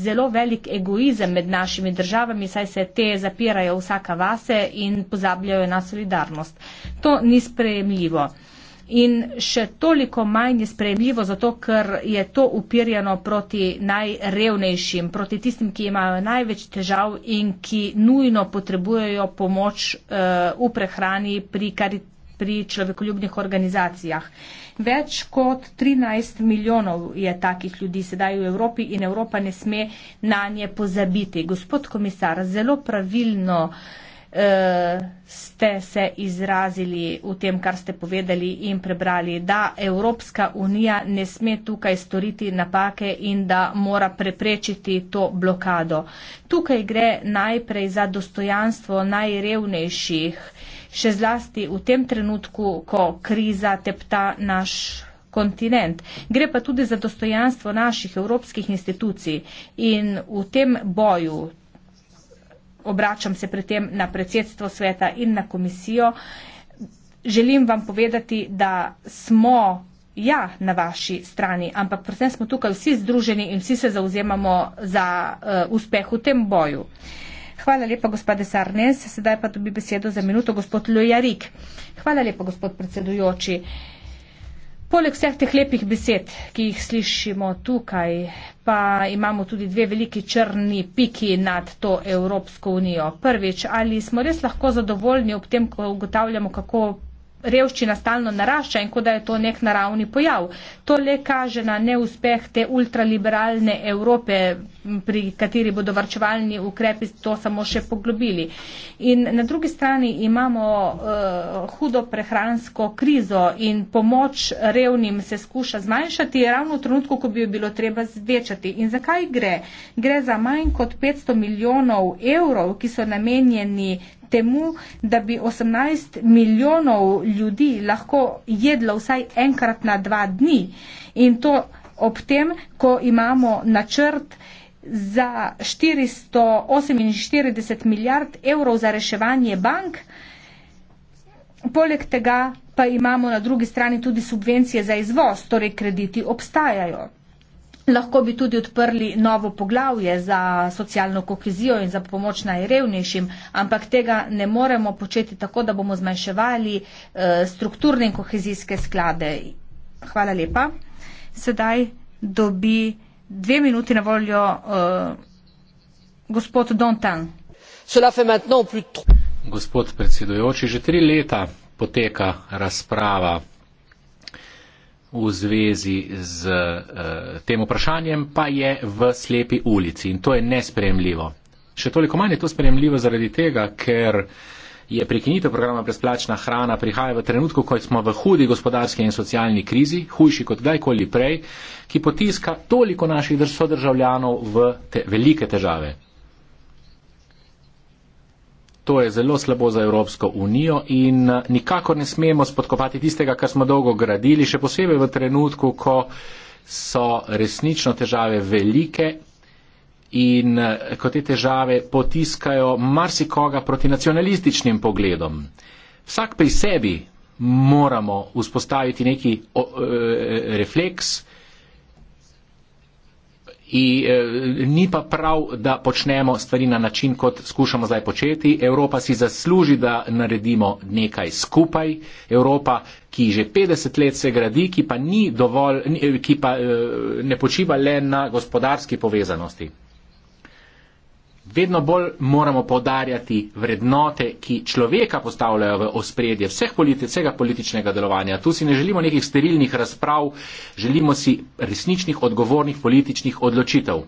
zelo velik egoizem med našimi državami, saj se te zapirajo vsaka vase in pozabljajo na solidarnost. To ni sprejemljivo in še toliko manj je sprejemljivo, zato ker je to upirjeno proti najrevnejšim, proti tistim, ki imajo največ težav in ki nujno potrebujejo pomoč uh, v prehrani pri karitativnosti pri človekoljubnih organizacijah. Več kot 13 milijonov je takih ljudi sedaj v Evropi in Evropa ne sme na nje pozabiti. Gospod komisar, zelo pravilno uh, Eh, ste se izrazili v tem, kar ste povedali in prebrali, da Evropska unija ne sme tukaj storiti napake in da mora preprečiti to blokado. Tukaj gre najprej za dostojanstvo najrevnejših, še zlasti v tem trenutku, ko kriza tepta naš. Kontinent. Gre pa tudi za dostojanstvo naših evropskih institucij in v tem boju obračam se pri tem na predsedstvo sveta in na komisijo. Želim vam povedati, da smo ja na vaši strani, ampak predvsem smo tukaj vsi združeni in vsi se zauzemamo za uh, uspeh v tem boju. Hvala lepa, gospod Sarnes. Sedaj pa dobi besedo za minuto gospod Lujarik. Hvala lepa, gospod predsedujoči. Uh, Poleg vseh teh lepih besed, ki jih slišimo tukaj, pa imamo tudi dve veliki črni piki nad to Evropsko unijo. Prvič, ali smo res lahko zadovoljni ob tem, ko ugotavljamo, kako revščina stalno narašča in kot da je to nek naravni pojav. To le kaže na neuspeh te ultraliberalne Evrope, pri kateri bodo varčevalni ukrepi to samo še poglobili. In na drugi strani imamo uh, hudo prehransko krizo in pomoč revnim se skuša zmanjšati ravno v trenutku, ko bi jo bilo treba zvečati. In zakaj gre? Gre za manj kot 500 milijonov evrov, ki so namenjeni temu, da bi 18 milijonov ljudi lahko jedlo vsaj enkrat na dva dni. In to ob tem, ko imamo načrt za 448 milijard evrov za reševanje bank, poleg tega pa imamo na drugi strani tudi subvencije za izvoz, torej krediti obstajajo. Lahko bi tudi odprli novo poglavje za socialno kohezijo in za pomoč najrevnejšim, ampak tega ne moremo početi tako, da bomo zmanjševali eh, strukturne in kohezijske sklade. Hvala lepa. Sedaj dobi dve minuti na voljo uh, gospod Dontan. Gospod predsedujoči, že tri leta poteka razprava v zvezi z uh, tem vprašanjem, pa je v slepi ulici in to je nespremljivo. Še toliko manj je to spremljivo zaradi tega, ker je prekinitev programa Presplačna hrana prihaja v trenutku, ko smo v hudi gospodarski in socialni krizi, hujši kot kdajkoli prej, ki potiska toliko naših sodržavljanov v te velike težave. To je zelo slabo za Evropsko unijo in eh, nikakor ne smemo spodkopati tistega, kar smo dolgo gradili, še posebej v trenutku, ko so resnično težave velike in eh, ko te težave potiskajo marsikoga proti nacionalističnim pogledom. Vsak pri sebi moramo vzpostaviti neki o, o, eh, refleks, In, eh, ni pa prav, da počnemo stvari na način, kot skušamo zdaj početi. Evropa si zasluži, da naredimo nekaj skupaj. Evropa, ki že 50 let se gradi, ki pa, dovolj, eh, ki pa eh, ne počiva le na gospodarski povezanosti. Vedno bolj moramo podarjati vrednote, ki človeka postavljajo v ospredje vseh politi vsega političnega delovanja. Tu si ne želimo nekih sterilnih razprav, želimo si resničnih, odgovornih političnih odločitev.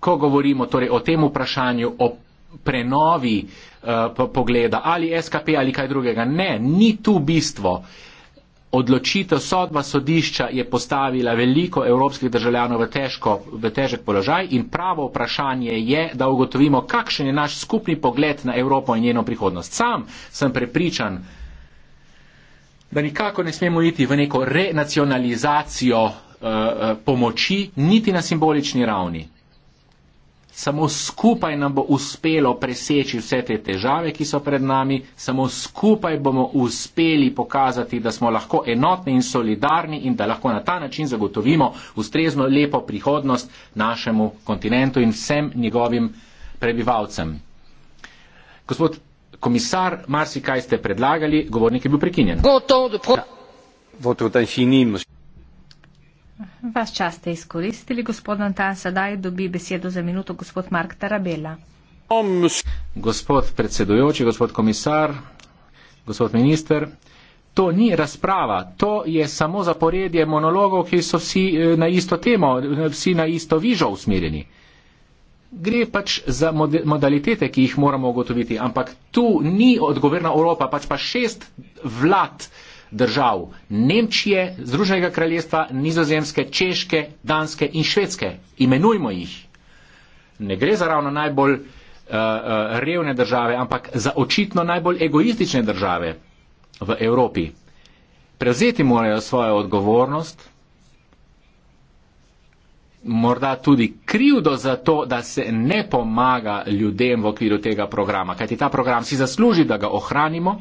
Ko govorimo torej o tem vprašanju, o prenovi uh, pogleda ali SKP ali kaj drugega, ne, ni tu bistvo. Uh, odločitev, sodba sodišča je postavila veliko evropskih državljanov v, težko, v težek položaj in pravo vprašanje je, da ugotovimo, kakšen je naš skupni pogled na Evropo in njeno prihodnost. Sam sem prepričan, da nikako ne smemo iti v neko renacionalizacijo uh, pomoči, niti na simbolični ravni. Samo skupaj nam bo uspelo preseči vse te težave, ki so pred nami, samo skupaj bomo uspeli pokazati, da smo lahko enotni in solidarni in da lahko na ta način zagotovimo ustrezno lepo prihodnost našemu kontinentu in vsem njegovim prebivalcem. Gospod komisar, marsikaj ste predlagali, govornik je bil prekinjen. Da. Vaš čas ste izkoristili, gospod Antan, sedaj dobi besedo za minuto gospod Mark Tarabela. Gospod predsedujoči, gospod komisar, gospod minister, to ni razprava, to je samo zaporedje monologov, ki so vsi eh, na isto temo, vsi na isto vižo usmerjeni. Gre pač za mod modalitete, ki jih moramo ugotoviti, ampak tu ni odgovorna Evropa, pač pa šest vlad držav Nemčije, Združenega kraljestva, Nizozemske, Češke, Danske in Švedske. Imenujmo jih. Ne gre za ravno najbolj uh, revne države, ampak za očitno najbolj egoistične države v Evropi. Prevzeti morajo svojo odgovornost, morda tudi krivdo za to, da se ne pomaga ljudem v okviru tega programa, kajti ta program si zasluži, da ga ohranimo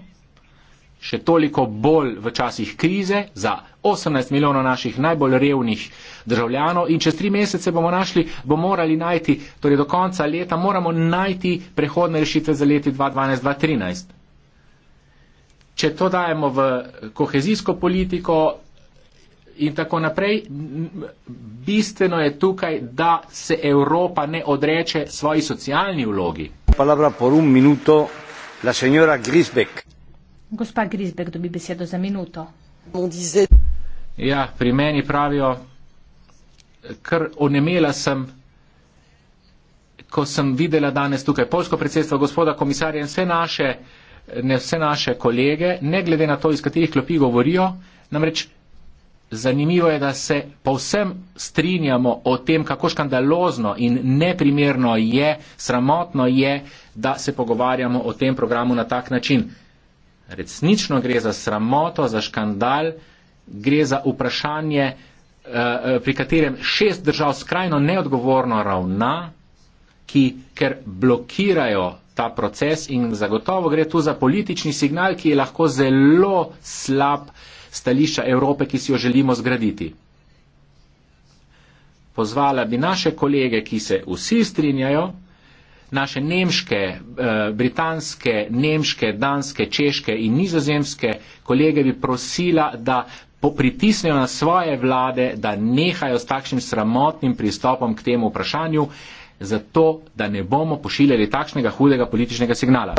še toliko bolj v časih krize za 18 milijonov naših najbolj revnih državljanov in čez tri mesece bomo našli, bomo morali najti, torej do konca leta moramo najti prehodne rešitve za leti 2012-2013. Če to dajemo v kohezijsko politiko in tako naprej, bistveno je tukaj, da se Evropa ne odreče svoji socialni vlogi. Palabra por un minuto, la señora Grisbeck. Gospa Grisbek dobi besedo za minuto. Ja, pri meni pravijo, ker onemela sem, ko sem videla danes tukaj polsko predsedstvo, gospoda komisarja in vse naše, ne vse naše kolege, ne glede na to, iz katerih klopi govorijo, namreč zanimivo je, da se povsem strinjamo o tem, kako škandalozno in neprimerno je, sramotno je, da se pogovarjamo o tem programu na tak način. Resnično gre za sramoto, za škandal, gre za vprašanje, eh, eh, pri katerem šest držav skrajno neodgovorno ravna, ki, ker blokirajo ta proces in zagotovo gre tu za politični signal, ki je lahko zelo slab stališča Evrope, ki si jo želimo zgraditi. Pozvala bi naše kolege, ki se vsi strinjajo, naše nemške, eh, britanske, nemške, danske, češke in nizozemske kolege bi prosila, da pritisnejo na svoje vlade, da nehajo s takšnim sramotnim pristopom k temu vprašanju, zato da ne bomo pošiljali takšnega hudega političnega signala.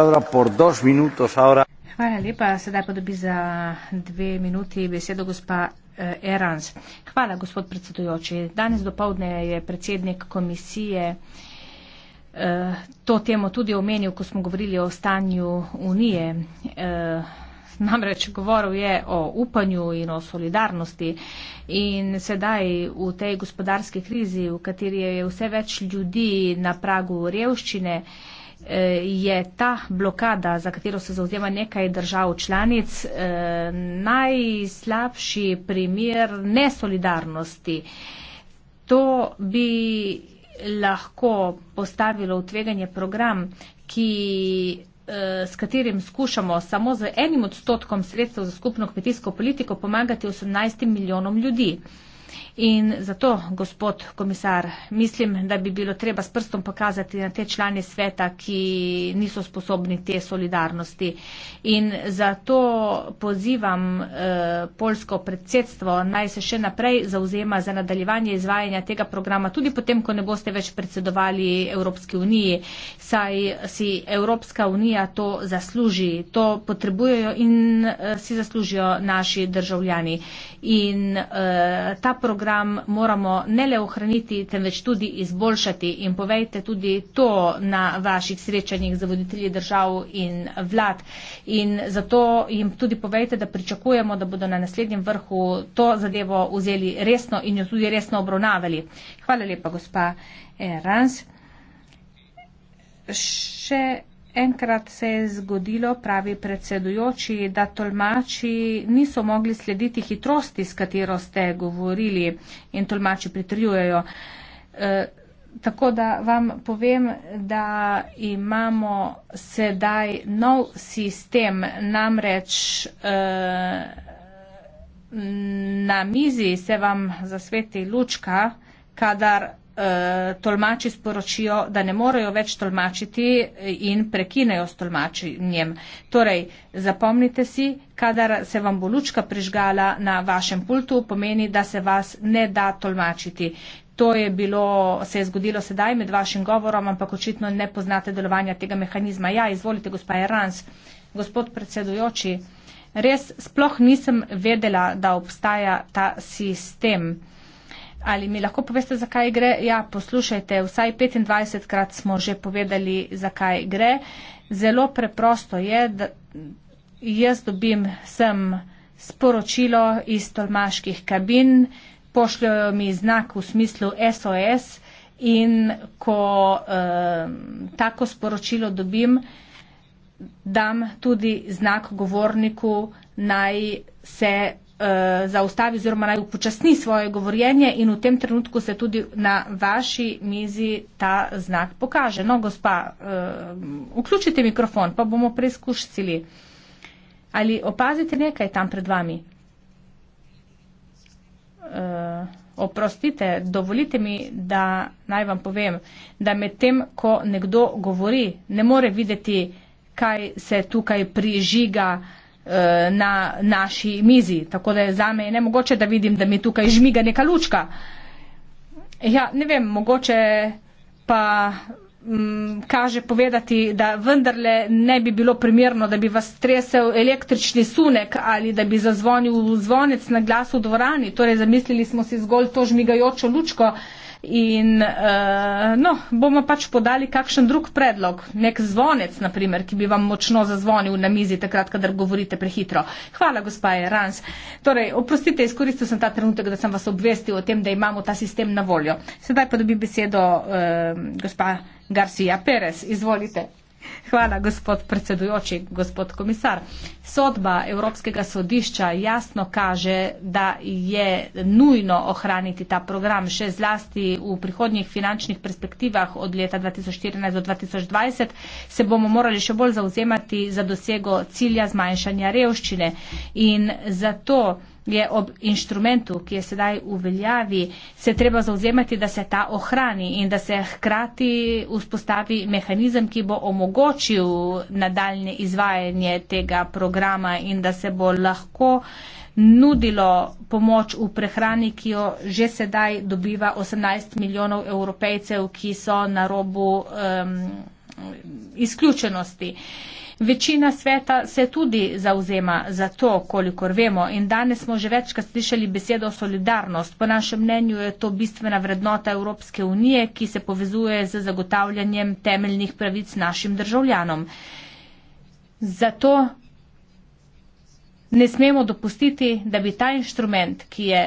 Hvala lepa, sedaj pa dobi za dve minuti besedo gospa eh, Erans. Hvala, gospod predsedujoči. Danes dopovdne je predsednik komisije to temo tudi omenil, ko smo govorili o stanju Unije. Eh, namreč govoril je o upanju in o solidarnosti in sedaj v tej gospodarski krizi, v kateri je vse več ljudi na pragu revščine, eh, je ta blokada, za katero se zauzema nekaj držav članic, eh, najslabši primer nesolidarnosti. To bi lahko postavilo v tveganje program, ki, eh, s katerim skušamo samo z enim odstotkom sredstev za skupno kmetijsko politiko pomagati 18 milijonom ljudi. In zato, gospod komisar, mislim, da bi bilo treba s prstom pokazati na te člane sveta, ki niso sposobni te solidarnosti. In zato pozivam eh, polsko predsedstvo naj se še naprej zauzema za nadaljevanje izvajanja tega programa, tudi potem, ko ne boste več predsedovali Evropski uniji, saj si Evropska unija to zasluži, to potrebujejo in eh, si zaslužijo naši državljani. In, eh, program moramo ne le ohraniti, temveč tudi izboljšati. In povejte tudi to na vaših srečanjih z voditelji držav in vlad. In zato jim tudi povejte, da pričakujemo, da bodo na naslednjem vrhu to zadevo vzeli resno in jo tudi resno obravnavali. Hvala lepa, gospa Rans. Še Enkrat se je zgodilo, pravi predsedujoči, da tolmači niso mogli slediti hitrosti, s katero ste govorili in tolmači pritrjujejo. E, tako da vam povem, da imamo sedaj nov sistem, namreč e, na mizi se vam zasveti lučka, kadar Eh, tolmači sporočijo, da ne morejo več tolmačiti in prekinejo s tolmačenjem. Torej, zapomnite si, kadar se vam bo lučka prižgala na vašem pultu, pomeni, da se vas ne da tolmačiti. To je bilo, se je zgodilo sedaj med vašim govorom, ampak očitno ne poznate delovanja tega mehanizma. Ja, izvolite, gospa Jarans, gospod predsedujoči, res sploh nisem vedela, da obstaja ta sistem. Ali mi lahko poveste, zakaj gre? Ja, poslušajte, vsaj 25krat smo že povedali, zakaj gre. Zelo preprosto je, da jaz dobim sem sporočilo iz tolmaških kabin, pošljajo mi znak v smislu SOS in ko eh, tako sporočilo dobim, dam tudi znak govorniku naj se Eh, zaustavi oziroma naj upočasni svoje govorjenje in v tem trenutku se tudi na vaši mizi ta znak pokaže. No, gospa, eh, vključite mikrofon, pa bomo preizkušili. Ali opazite nekaj tam pred vami? Eh, oprostite, dovolite mi, da naj vam povem, da med tem, ko nekdo govori, ne more videti, kaj se tukaj prižiga. Eh, na naši mizi. Tako da je zame ne mogoče, da vidim, da mi tukaj žmiga neka lučka. Ja, ne vem, mogoče pa m, mm, kaže povedati, da vendarle ne bi bilo primerno, da bi vas stresel električni sunek ali da bi zazvonil zvonec na glas v dvorani. Torej, zamislili smo si zgolj to žmigajočo lučko, uh, In uh, no, bomo pač podali kakšen drug predlog, nek zvonec, naprimer, ki bi vam močno zazvonil na mizi, takrat, kadar govorite prehitro. Hvala, gospa Rans. Torej, oprostite, izkoristil sem ta trenutek, da sem vas obvestil o tem, da imamo ta sistem na voljo. Sedaj pa dobi besedo uh, gospa Garcia Perez. Izvolite. Hvala, gospod predsedujoči, gospod komisar. Sodba Evropskega sodišča jasno kaže, da je nujno ohraniti ta program še zlasti v prihodnjih finančnih perspektivah od leta 2014 do 2020. Se bomo morali še bolj zauzemati za dosego cilja zmanjšanja revščine. In zato je ob inštrumentu, ki je sedaj v veljavi, se treba zauzemati, da se ta ohrani in da se hkrati vzpostavi mehanizem, ki bo omogočil nadaljne izvajanje tega programa in da se bo lahko nudilo pomoč v prehrani, ki jo že sedaj dobiva 18 milijonov evropejcev, ki so na robu um, izključenosti. Uh, Večina sveta se tudi zauzema za to, kolikor vemo, in danes smo že večkrat slišali besedo solidarnost. Po našem mnenju je to bistvena vrednota Evropske unije, ki se povezuje z zagotavljanjem temeljnih pravic našim državljanom. Zato ne smemo dopustiti, da bi ta inštrument, ki je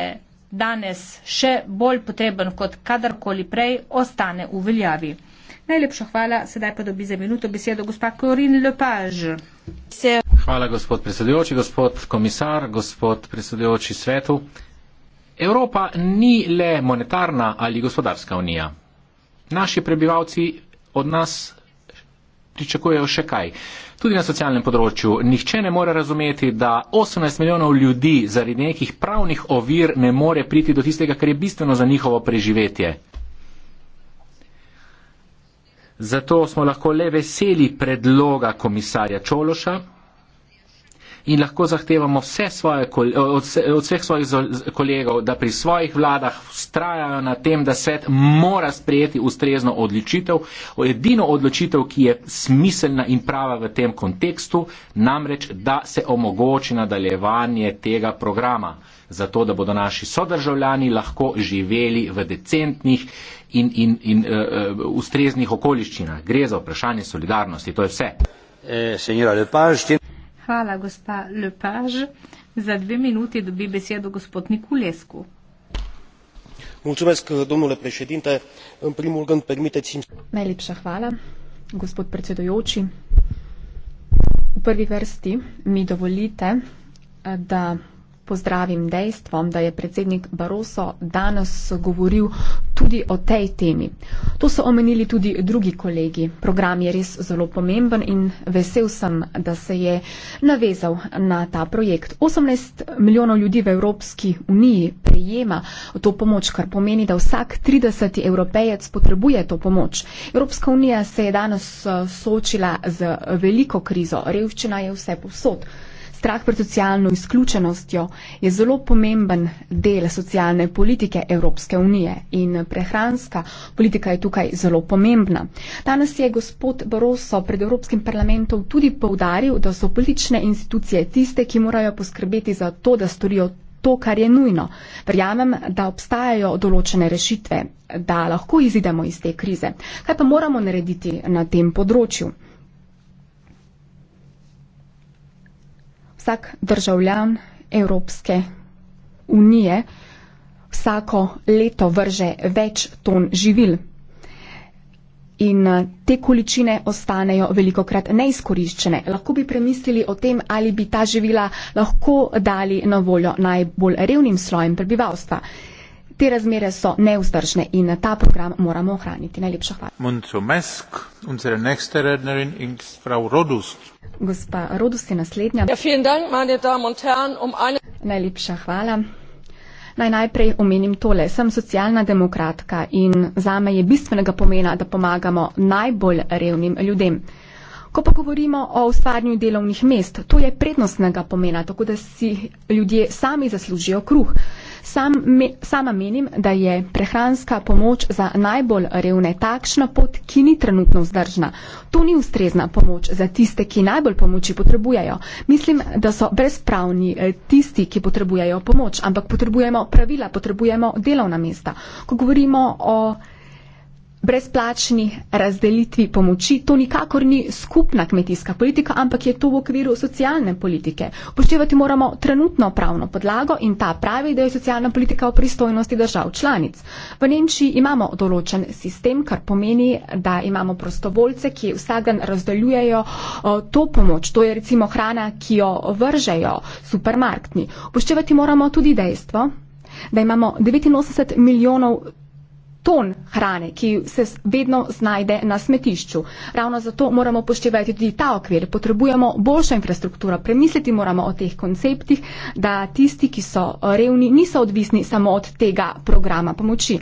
danes še bolj potreben kot kadarkoli prej, ostane v veljavi. Najlepša hvala. Sedaj pa dobi za minuto besedo gospa Corinne Lepage. Se... Hvala, gospod predsedujoči, gospod komisar, gospod predsedujoči svetu. Evropa ni le monetarna ali gospodarska unija. Naši prebivalci od nas pričakujejo še kaj. Tudi na socialnem področju nihče ne more razumeti, da 18 milijonov ljudi zaradi nekih pravnih ovir ne more priti do tistega, kar je bistveno za njihovo preživetje. Zato smo lahko le veseli predloga komisarja Čološa, in lahko zahtevamo vse svoje, od, vse, od vseh svojih kolegov, da pri svojih vladah ustrajajo na tem, da svet mora sprejeti ustrezno odločitev, edino odločitev, ki je smiselna in prava v tem kontekstu, namreč, da se omogoči nadaljevanje tega programa, zato da bodo naši sodržavljani lahko živeli v decentnih in, in, in uh, ustreznih okoliščinah. Gre za vprašanje solidarnosti, to je vse. Eh, Hvala, gospa Lepaž. Za dve minuti dobi besedo gospod Nikulescu. Mulțumesc, domnule președinte. În primul rând, permiteți-mi... Najlepša hvala, gospod predsedojoči. V prvi vrsti mi dovolite, da pozdravim dejstvom, da je predsednik Baroso danes govoril tudi o tej temi. To so omenili tudi drugi kolegi. Program je res zelo pomemben in vesel sem, da se je navezal na ta projekt. 18 milijonov ljudi v Evropski uniji prejema to pomoč, kar pomeni, da vsak 30 evropejec potrebuje to pomoč. Evropska unija se je danes eh, soočila z veliko krizo. Revščina je vse posod. Strah pred socialno izključenostjo je zelo pomemben del socialne politike Evropske unije in prehranska politika je tukaj zelo pomembna. Danes je gospod Barroso pred Evropskim parlamentom tudi povdaril, da so politične institucije tiste, ki morajo poskrbeti za to, da storijo to, kar je nujno. Verjamem, da obstajajo določene rešitve, da lahko izidemo iz te krize. Kaj pa moramo narediti na tem področju? vsak državljan Evropske unije vsako leto vrže več ton živil. In eh, te količine ostanejo velikokrat neizkoriščene. Lahko bi premislili o tem, ali bi ta živila lahko dali na voljo najbolj revnim slojem prebivalstva te razmere so neustršne in ta program moramo ohraniti. Najlepša hvala. Gospa Rodus je naslednja. Ja, um Najlepša hvala. Naj najprej omenim tole. Sem socialna demokratka in zame je bistvenega pomena, da pomagamo najbolj revnim ljudem. Ko pa govorimo o ustvarjanju delovnih mest, to je prednostnega pomena, tako da si ljudje sami zaslužijo kruh. Sam me, sama menim, da je prehranska pomoč za najbolj revne takšna pot, ki ni trenutno vzdržna. To ni ustrezna pomoč za tiste, ki najbolj pomoči potrebujejo. Mislim, da so brezpravni eh, tisti, ki potrebujejo pomoč, ampak potrebujemo pravila, potrebujemo delovna mesta. Ko govorimo o brezplačni razdelitvi pomoči. To nikakor ni skupna kmetijska politika, ampak je to v okviru socialne politike. Upoštevati moramo trenutno pravno podlago in ta pravi, da je socialna politika v pristojnosti držav članic. V Nemčiji imamo določen sistem, kar pomeni, da imamo prostovoljce, ki vsak dan razdeljujejo to pomoč. To je recimo hrana, ki jo vržejo supermarktni. Upoštevati moramo tudi dejstvo, da imamo 89 milijonov ton hrane, ki se vedno znajde na smetišču. Ravno zato moramo poštevati tudi ta okvir. Potrebujemo boljšo infrastrukturo, premisliti moramo o teh konceptih, da tisti, ki so eh, revni, niso odvisni samo od tega programa pomoči.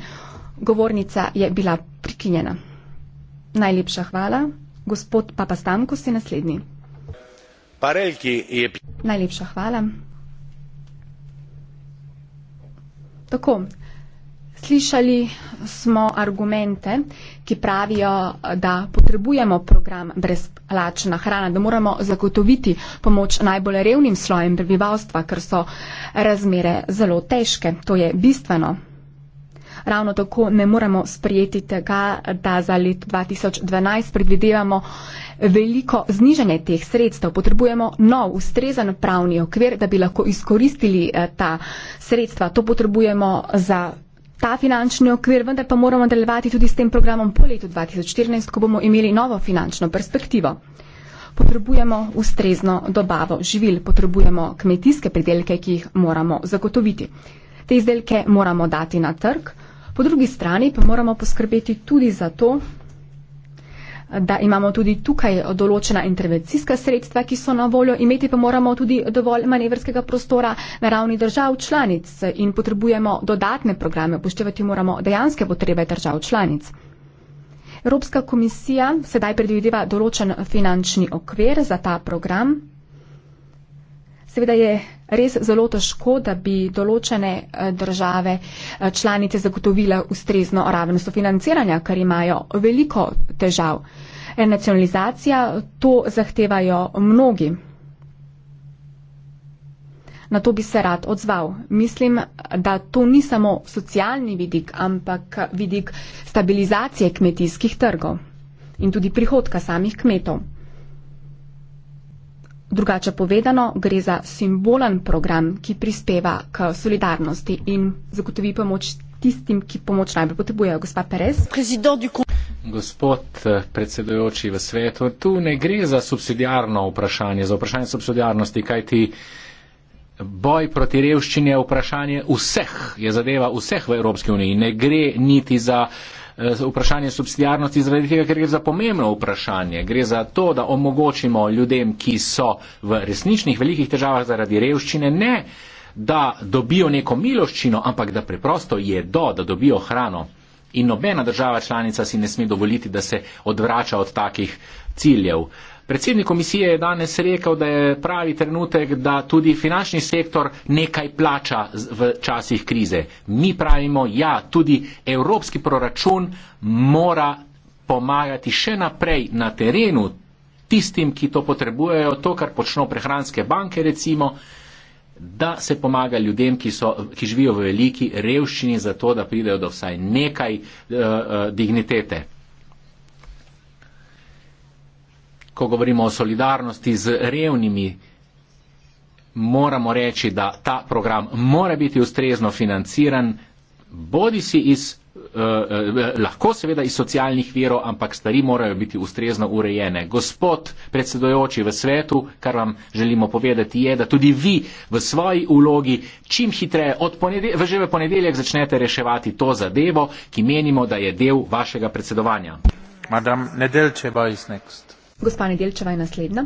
Govornica je bila prikinjena. Najlepša hvala. Gospod Papa Stanko, si naslednji. Parelki je. Najlepša hvala. Tako. Slišali smo argumente, ki pravijo, da potrebujemo program brezplačna hrana, da moramo zagotoviti pomoč najbolj revnim slojem prebivalstva, ker so razmere zelo težke. To je bistveno. Ravno tako ne moremo sprijeti tega, da za let 2012 predvidevamo veliko znižanje teh sredstev. Potrebujemo nov, ustrezan pravni okvir, da bi lahko izkoristili eh, ta sredstva. To potrebujemo za ta finančni okvir, vendar pa moramo nadaljevati tudi s tem programom po letu 2014, ko bomo imeli novo finančno perspektivo. Potrebujemo ustrezno dobavo živil, potrebujemo kmetijske pridelke, ki jih moramo zagotoviti. Te izdelke moramo dati na trg, po drugi strani pa moramo poskrbeti tudi za to, da imamo tudi tukaj določena intervencijska sredstva, ki so na voljo, imeti pa moramo tudi dovolj manevrskega prostora na ravni držav članic in potrebujemo dodatne programe, upoštevati moramo dejanske potrebe držav članic. Evropska komisija sedaj predvideva določen finančni okvir za ta program. Seveda je res zelo težko, da bi določene eh, države eh, članice zagotovile ustrezno raven sofinanciranja, ker imajo veliko težav. Renacionalizacija eh, to zahtevajo mnogi. Na to bi se rad odzval. Mislim, da to ni samo socialni vidik, ampak vidik stabilizacije kmetijskih trgov in tudi prihodka samih kmetov. Drugače povedano, gre za simbolen program, ki prispeva k solidarnosti in zagotovi pomoč tistim, ki pomoč najbolj potrebujejo. Gospa Perez. Gospod eh, predsedujoči v svetu, tu ne gre za subsidijarno vprašanje, za vprašanje subsidijarnosti, kaj ti boj proti revščini je vprašanje vseh, je zadeva vseh v Evropski uniji. Ne gre niti za vprašanje subsidijarnosti, zaradi tega, ker gre za pomembno vprašanje. Gre za to, da omogočimo ljudem, ki so v resničnih velikih težavah zaradi revščine, ne da dobijo neko miloščino, ampak da preprosto jedo, da dobijo hrano. In nobena država članica si ne sme dovoliti, da se odvrača od takih ciljev. Uh, Predsednik komisije je danes rekel, da je pravi trenutek, da tudi finančni sektor nekaj plača v časih krize. Mi pravimo, ja, tudi evropski proračun mora pomagati še naprej na terenu tistim, ki to potrebujejo, to, kar počno prehranske banke recimo, da se pomaga ljudem, ki, so, ki živijo v veliki revščini, zato da pridejo do vsaj nekaj uh, uh, dignitete. ko govorimo o solidarnosti z revnimi, moramo reči, da ta program mora biti ustrezno financiran, bodi si iz, eh, eh, lahko seveda iz socialnih virov, ampak stvari morajo biti ustrezno urejene. Gospod predsedojoči v svetu, kar vam želimo povedati, je, da tudi vi v svoji ulogi čim hitreje, v že v ponedeljek začnete reševati to zadevo, ki menimo, da je del vašega predsedovanja. Madam Nedelčeva iz Next. Gospa Nedelčeva je naslednja.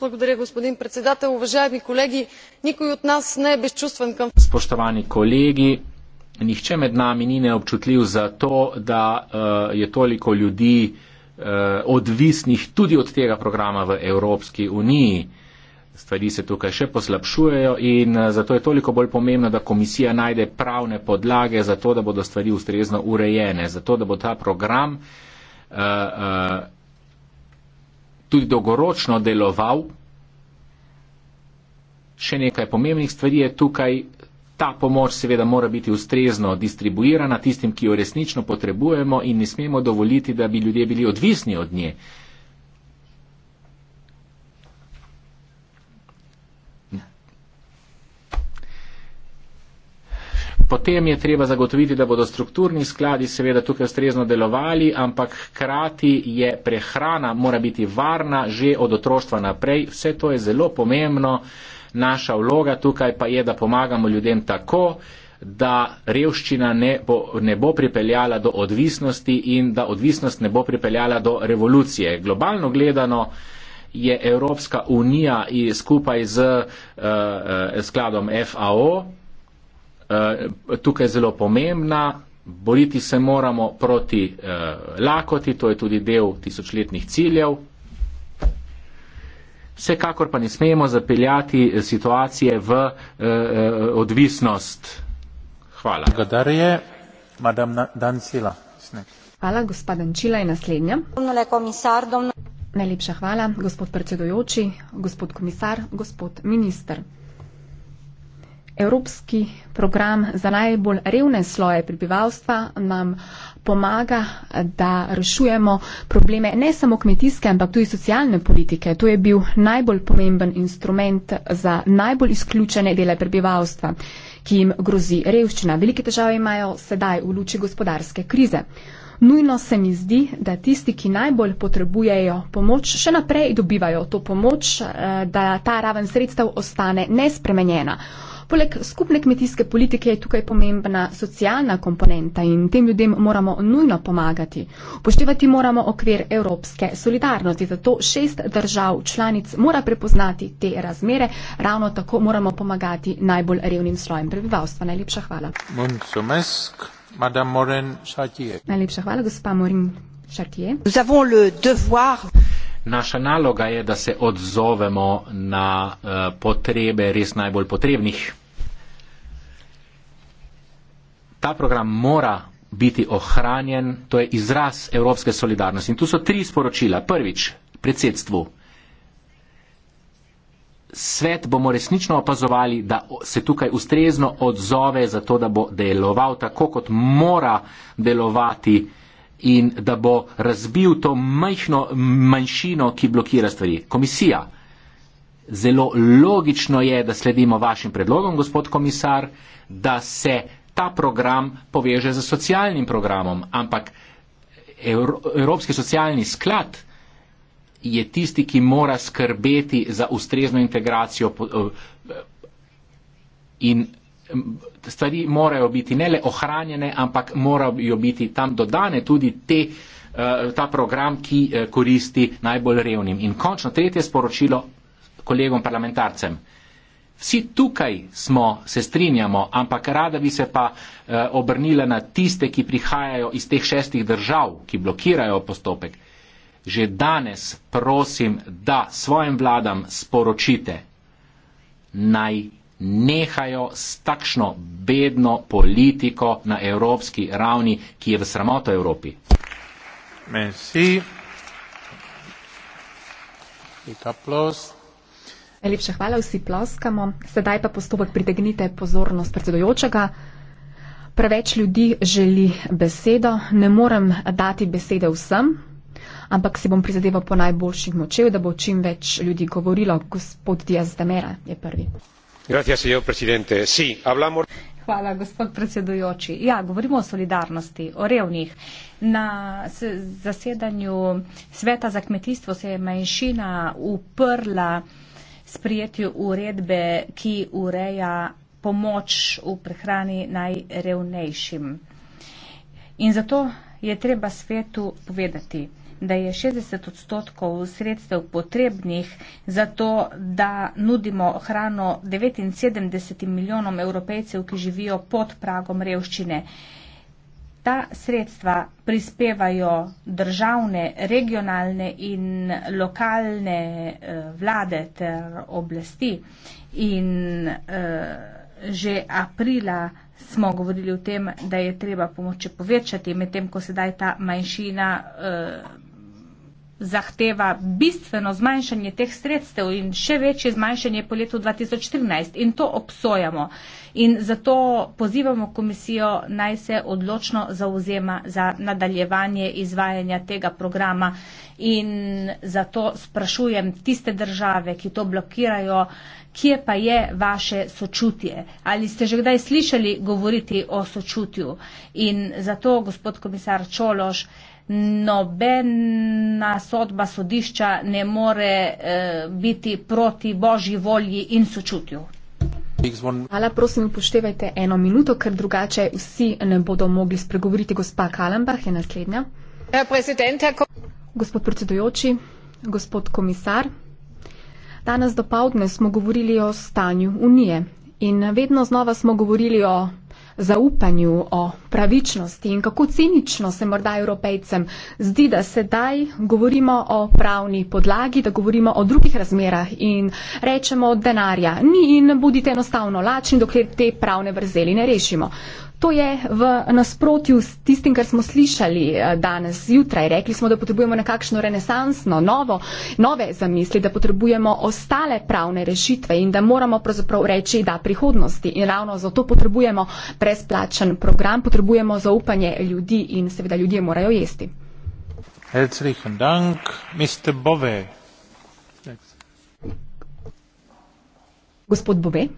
Благодаря, господин председател. Уважаеми колеги, никой от нас не е безчувствен към... Спощавани колеги, нихче мед нами ни не е обчутлив за то, да uh, е толико люди uh, отвисних туди от тега програма в Европски унии. Stvari se tukaj še poslabšujejo in eh, zato je toliko bolj pomembno, da komisija najde pravne podlage za to, da bodo stvari ustrezno urejene, za to, da bo ta program uh, uh, tudi dolgoročno deloval. Še nekaj pomembnih stvari je tukaj. Ta pomoč seveda mora biti ustrezno distribuirana tistim, ki jo resnično potrebujemo in ne smemo dovoliti, da bi ljudje bili odvisni od nje. Potem je treba zagotoviti, da bodo strukturni skladi seveda tukaj ustrezno delovali, ampak hkrati je prehrana mora biti varna že od otroštva naprej. Vse to je zelo pomembno. Naša vloga tukaj pa je, da pomagamo ljudem tako, da revščina ne bo, ne bo pripeljala do odvisnosti in da odvisnost ne bo pripeljala do revolucije. Globalno gledano je Evropska unija skupaj z uh, skladom FAO Eh, tukaj zelo pomembna. Boriti se moramo proti eh, lakoti, to je tudi del tisočletnih ciljev. Vsekakor pa ne smemo zapeljati eh, situacije v eh, eh odvisnost. Hvala. Kadar je madam Dan Sila. Hvala, gospod Dančila je naslednja. Najlepša hvala, gospod predsedojoči, gospod komisar, gospod minister. Evropski program za najbolj revne sloje prebivalstva nam pomaga, da rešujemo probleme ne samo kmetijske, ampak tudi socialne politike. To je bil najbolj pomemben instrument za najbolj izključene dele prebivalstva, ki jim grozi revščina. Velike težave imajo sedaj v luči gospodarske krize. Nujno se mi zdi, da tisti, ki najbolj potrebujejo pomoč, še naprej dobivajo to pomoč, eh, da ta raven sredstev ostane nespremenjena. Poleg skupne kmetijske politike je tukaj pomembna socialna komponenta in tem ljudem moramo nujno pomagati. Poštevati moramo okvir evropske solidarnosti, zato šest držav članic mora prepoznati te razmere. Ravno tako moramo pomagati najbolj revnim slojem prebivalstva. Najlepša hvala. Najlepša hvala, gospa Morin Šartier. Naša naloga je, da se odzovemo na uh, potrebe res najbolj potrebnih ta program mora biti ohranjen, to je izraz evropske solidarnosti. In tu so tri sporočila. Prvič, predsedstvu. Svet bomo resnično opazovali, da se tukaj ustrezno odzove za to, da bo deloval tako, kot mora delovati in da bo razbil to majhno manjšino, ki blokira stvari. Komisija. Zelo logično je, da sledimo vašim predlogom, gospod komisar, da se ta program poveže z socialnim programom, ampak Evropski socialni sklad je tisti, ki mora skrbeti za ustrezno integracijo eh, in eh, stvari morajo biti ne le ohranjene, ampak morajo biti tam dodane tudi te, eh, ta program, ki koristi najbolj revnim. In končno tretje sporočilo kolegom parlamentarcem. Vsi tukaj smo, se strinjamo, ampak rada bi se pa eh, obrnila na tiste, ki prihajajo iz teh šestih držav, ki blokirajo postopek. Že danes prosim, da svojim vladam sporočite, naj nehajo s takšno bedno politiko na evropski ravni, ki je v sramoto Evropi. Merci. Et applause. Najlepša hvala, vsi ploskamo. Sedaj pa postopek pritegnite pozornost predsedojočega. Preveč ljudi želi besedo, ne morem dati besede vsem, ampak si bom prizadeval po najboljših močev, da bo čim več ljudi govorilo. Gospod Diaz Damera je prvi. Gracias, sí, hablamos... Hvala, gospod predsedujoči. Ja, govorimo o solidarnosti, o revnih. Na zasedanju sveta za kmetijstvo se je manjšina uprla sprijetju uredbe, ki ureja pomoč v prehrani najrevnejšim. In zato je treba svetu povedati, da je 60 odstotkov sredstev potrebnih za to, da nudimo hrano 79 milijonom evropejcev, ki živijo pod pragom revščine ta sredstva prispevajo državne, regionalne in lokalne eh, vlade ter oblasti. In eh, že aprila smo govorili o tem, da je treba pomoče povečati, medtem ko sedaj ta manjšina eh, zahteva bistveno zmanjšanje teh sredstev in še večje zmanjšanje po letu 2014 in to obsojamo. In zato pozivamo komisijo naj se odločno zauzema za nadaljevanje izvajanja tega programa in zato sprašujem tiste države, ki to blokirajo, kje pa je vaše sočutje. Ali ste že kdaj slišali govoriti o sočutju? In zato, gospod komisar Čološ, nobena sodba sodišča ne more e, biti proti božji volji in sočutju. Hvala, prosim, upoštevajte eno minuto, ker drugače vsi ne bodo mogli spregovoriti. Gospa Kalambah je naslednja. Gospod predsedujoči, gospod komisar, danes do povdne smo govorili o stanju Unije in vedno znova smo govorili o zaupanju, o pravičnosti in kako cinično se morda evropejcem zdi, da sedaj govorimo o pravni podlagi, da govorimo o drugih razmerah in rečemo denarja. Ni in bodite enostavno lačni, dokler te pravne vrzeli ne rešimo. To je v nasprotju s tistim, kar smo slišali eh, danes zjutraj. Rekli smo, da potrebujemo nekakšno renesansno, novo, nove zamisli, da potrebujemo ostale pravne rešitve in da moramo pravzaprav reči, da prihodnosti. In ravno zato potrebujemo brezplačen program, potrebujemo zaupanje ljudi in seveda ljudje morajo jesti. Herzlichen Dank, Mr. Bove. Gospod Bove.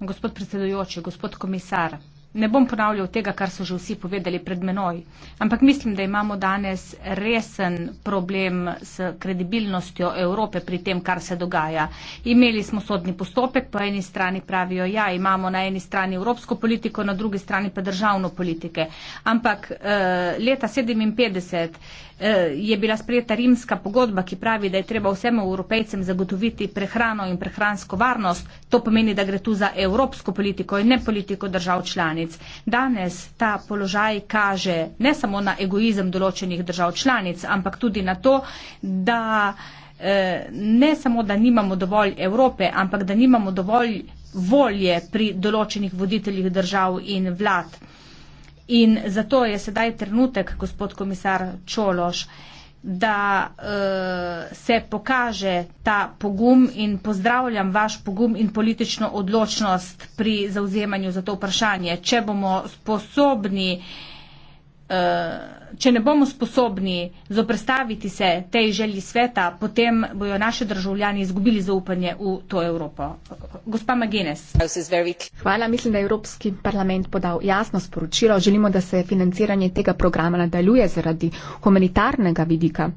Gospod predsedujoči, gospod komisar, ne bom ponavljal tega, kar so že vsi povedali pred menoj, ampak mislim, da imamo danes resen problem s kredibilnostjo Evrope pri tem, kar se dogaja. Imeli smo sodni postopek, po eni strani pravijo, ja, imamo na eni strani evropsko politiko, na drugi strani pa državno politike. Ampak eh, leta 1957. Eh, je bila sprejeta rimska pogodba, ki pravi, da je treba vsem evropejcem zagotoviti prehrano in prehransko varnost. To pomeni, da gre tu za evropsko politiko in ne politiko držav članic. Danes ta položaj kaže ne samo na egoizem določenih držav članic, ampak tudi na to, da eh, ne samo, da nimamo dovolj Evrope, ampak da nimamo dovolj volje pri določenih voditeljih držav in vlad. In zato je sedaj trenutek, gospod komisar Čološ, da uh, se pokaže ta pogum in pozdravljam vaš pogum in politično odločnost pri zauzemanju za to vprašanje. Če bomo sposobni uh, Eh, če ne bomo sposobni zoprestaviti se tej želji sveta, potem bojo naši državljani izgubili zaupanje v to Evropo. Gospa Magines. Hvala, mislim, da je Evropski parlament podal jasno sporočilo. Želimo, da se financiranje tega programa nadaljuje zaradi humanitarnega vidika.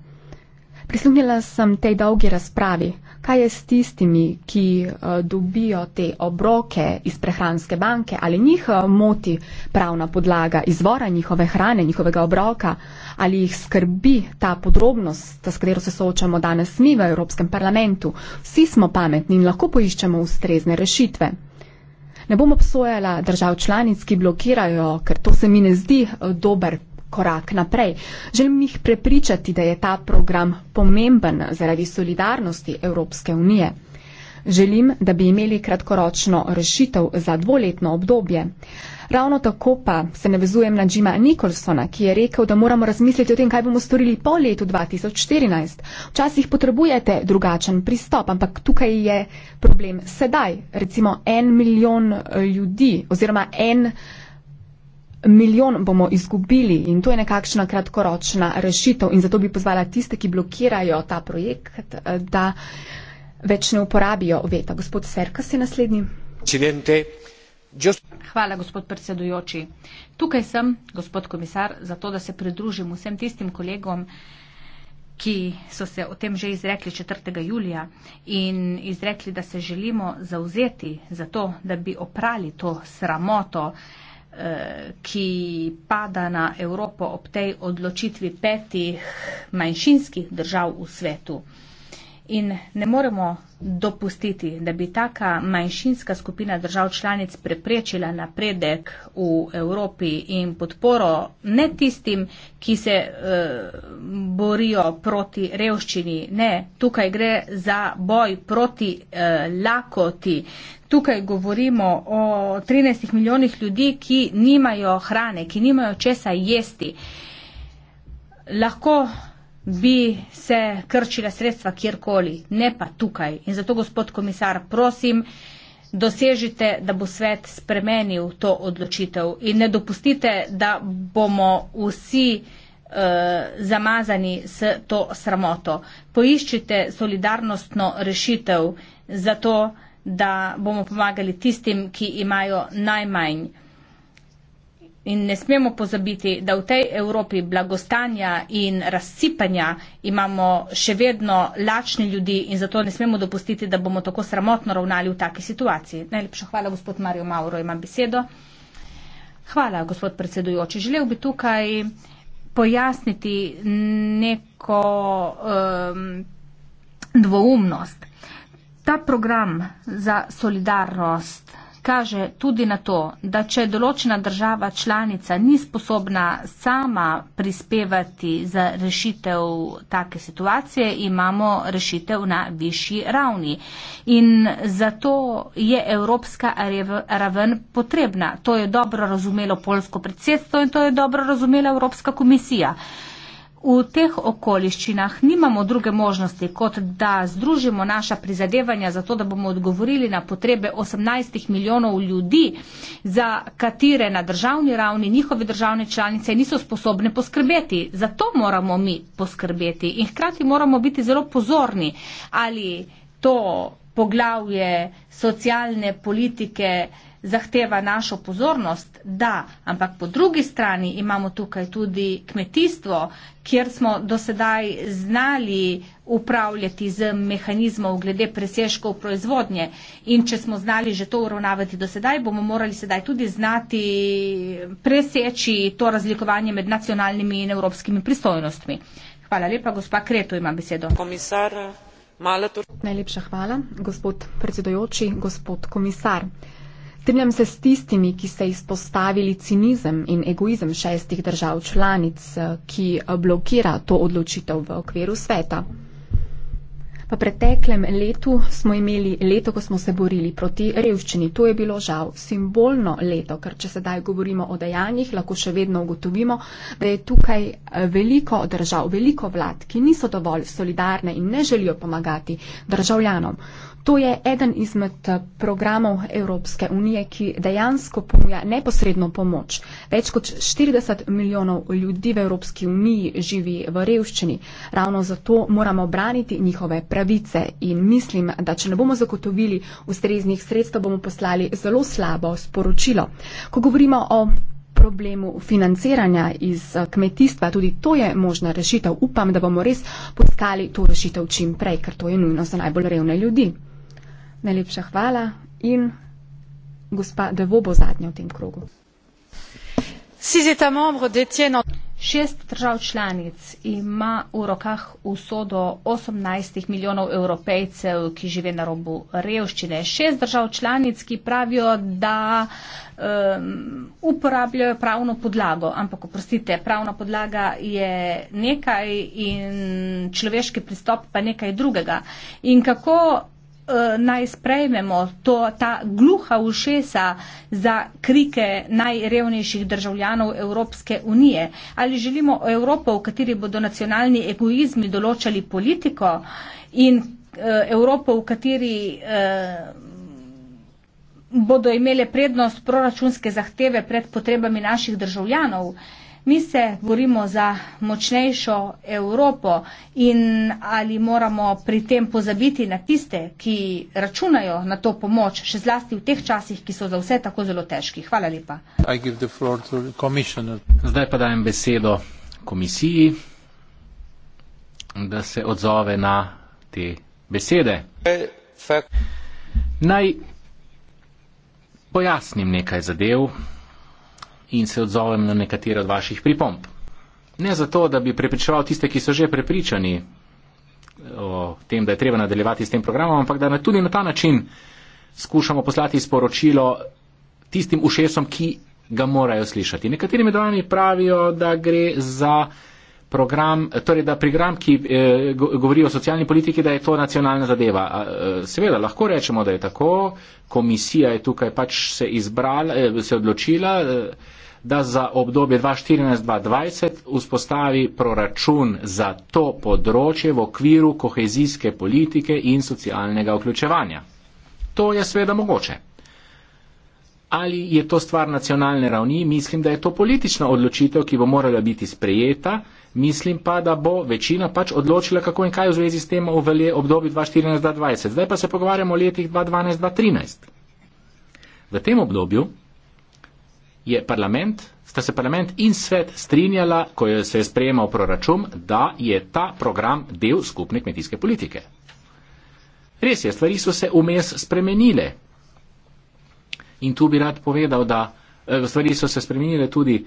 Prisluhnila sem tej dolgi razpravi, kaj je s tistimi, ki eh, dobijo te obroke iz prehranske banke, ali njih eh, moti pravna podlaga izvora njihove hrane, njihovega obroka, ali jih skrbi ta podrobnost, s katero se soočamo danes mi v Evropskem parlamentu. Vsi smo pametni in lahko poiščemo ustrezne rešitve. Ne bom obsojala držav članic, ki blokirajo, ker to se mi ne zdi eh, dober korak naprej. Želim jih prepričati, da je ta program pomemben zaradi solidarnosti Evropske unije. Želim, da bi imeli kratkoročno rešitev za dvoletno obdobje. Ravno tako pa se navezujem na Džima Nikolsona, ki je rekel, da moramo razmisliti o tem, kaj bomo storili po letu 2014. Včasih potrebujete drugačen pristop, ampak tukaj je problem sedaj. Recimo en milijon eh, ljudi oziroma en milijon Milijon bomo izgubili in to je nekakšna kratkoročna rešitev in zato bi pozvala tiste, ki blokirajo ta projekt, eh, da več ne uporabijo veta. Gospod Serka si naslednji. Hvala, gospod predsedujoči. Tukaj sem, gospod komisar, zato da se pridružim vsem tistim kolegom, ki so se o tem že izrekli 4. julija in izrekli, da se želimo zauzeti za to, da bi oprali to sramoto Eh, ki pada na Evropo ob tej odločitvi petih manjšinskih držav v svetu. In ne moremo dopustiti, da bi taka manjšinska skupina držav članic preprečila napredek v Evropi in podporo ne tistim, ki se e, borijo proti revščini. Ne, tukaj gre za boj proti e, lakoti, Tukaj govorimo o 13 milijonih ljudi, ki nimajo hrane, ki nimajo česa jesti. Lahko bi se krčila sredstva kjerkoli, ne pa tukaj. In zato, gospod komisar, prosim, dosežite, da bo svet spremenil to odločitev in ne dopustite, da bomo vsi eh, zamazani s to sramoto. Poiščite solidarnostno rešitev za to, da da bomo pomagali tistim, ki imajo najmanj. In ne smemo pozabiti, da v tej Evropi blagostanja in razsipanja imamo še vedno lačne ljudi in zato ne smemo dopustiti, da bomo tako sramotno ravnali v taki situaciji. Najlepša hvala, gospod Mario Mauro, imam besedo. Hvala, gospod predsedujoči. Želel bi tukaj pojasniti neko um, dvoumnost. Ta program za solidarnost kaže tudi na to, da če določena država članica ni sposobna sama prispevati za rešitev take situacije, imamo rešitev na višji ravni. In zato je evropska raven potrebna. To je dobro razumelo polsko predsedstvo in to je dobro razumela Evropska komisija. V teh okoliščinah nimamo druge možnosti, kot da združimo naša prizadevanja za to, da bomo odgovorili na potrebe 18 milijonov ljudi, za katere na državni ravni njihove državne članice niso sposobne poskrbeti. Zato moramo mi poskrbeti in hkrati moramo biti zelo pozorni, ali to poglavje socialne politike zahteva našo pozornost, da, ampak po drugi strani imamo tukaj tudi kmetijstvo, kjer smo do sedaj znali upravljati z mehanizmov glede presežkov proizvodnje in če smo znali že to uravnavati do sedaj, bomo morali sedaj tudi znati preseči to razlikovanje med nacionalnimi in evropskimi pristojnostmi. Hvala lepa, gospa Kreto ima besedo. Komisar, Najlepša hvala, gospod predsedojoči, gospod komisar. Strinjam se s tistimi, ki ste izpostavili cinizem in egoizem šestih držav članic, eh, ki eh, blokira to odločitev v okviru sveta. V preteklem letu smo imeli leto, ko smo se borili proti revščini. To je bilo žal simbolno leto, ker če sedaj govorimo o dejanjih, lahko še vedno ugotovimo, da je tukaj eh, veliko držav, veliko vlad, ki niso dovolj solidarne in ne želijo pomagati državljanom. To je eden izmed eh, programov Evropske unije, ki dejansko ponuja neposredno pomoč. Več kot 40 milijonov ljudi v Evropski uniji živi v revščini. Ravno zato moramo braniti njihove pravice in mislim, da če ne bomo zagotovili ustreznih sredstev, bomo poslali zelo slabo sporočilo. Ko govorimo o problemu financiranja iz eh, kmetijstva, tudi to je možna rešitev. Upam, da bomo res poskali to rešitev čim prej, ker to je nujno za najbolj revne ljudi. Najlepša hvala in gospa Devo bo zadnja v tem krogu. Šest držav članic ima v rokah usodo 18 milijonov evropejcev, ki žive na robu revščine. Šest držav članic, ki pravijo, da um, uporabljajo pravno podlago. Ampak, oprostite, pravna podlaga je nekaj in človeški pristop pa nekaj drugega. In kako Eh, naj sprejmemo to, ta gluha ušesa za krike najrevnejših državljanov Evropske unije? Ali želimo Evropo, v kateri bodo nacionalni egoizmi določali politiko in uh, Evropo, v kateri uh, bodo imele prednost proračunske zahteve pred potrebami naših državljanov? Uh, Mi se borimo za močnejšo Evropo in ali moramo pri tem pozabiti na tiste, ki računajo na to pomoč, še zlasti v teh časih, ki so za vse tako zelo težki. Hvala lepa. Zdaj pa dajem besedo komisiji, da se odzove na te besede. Naj pojasnim nekaj zadev in se odzovem na nekatere od vaših pripomb. Ne zato, da bi prepričeval tiste, ki so že prepričani eh, o tem, da je treba nadaljevati s tem programom, ampak da tudi na ta način skušamo poslati sporočilo tistim ušesom, ki ga morajo slišati. Nekateri med vami pravijo, da gre za program, torej da program, ki eh, govori o socialni politiki, da je to nacionalna zadeva. Eh, seveda lahko rečemo, da je tako, komisija je tukaj pač se izbrala, se odločila da za obdobje 2014-2020 vzpostavi proračun za to področje v okviru kohezijske politike in socialnega vključevanja. To je sveda mogoče. Ali je to stvar nacionalne ravni, mislim, da je to politična odločitev, ki bo morala biti sprejeta, mislim pa, da bo večina pač odločila, kako in kaj v zvezi s tem v obdobju 2014-2020. Zdaj pa se pogovarjamo o letih 2012-2013. V tem obdobju je parlament, sta se parlament in svet strinjala, ko je se sprejemal proračun, da je ta program del skupne kmetijske politike. Res je, stvari so se vmes spremenile. In tu bi rad povedal, da eh, stvari so se spremenile tudi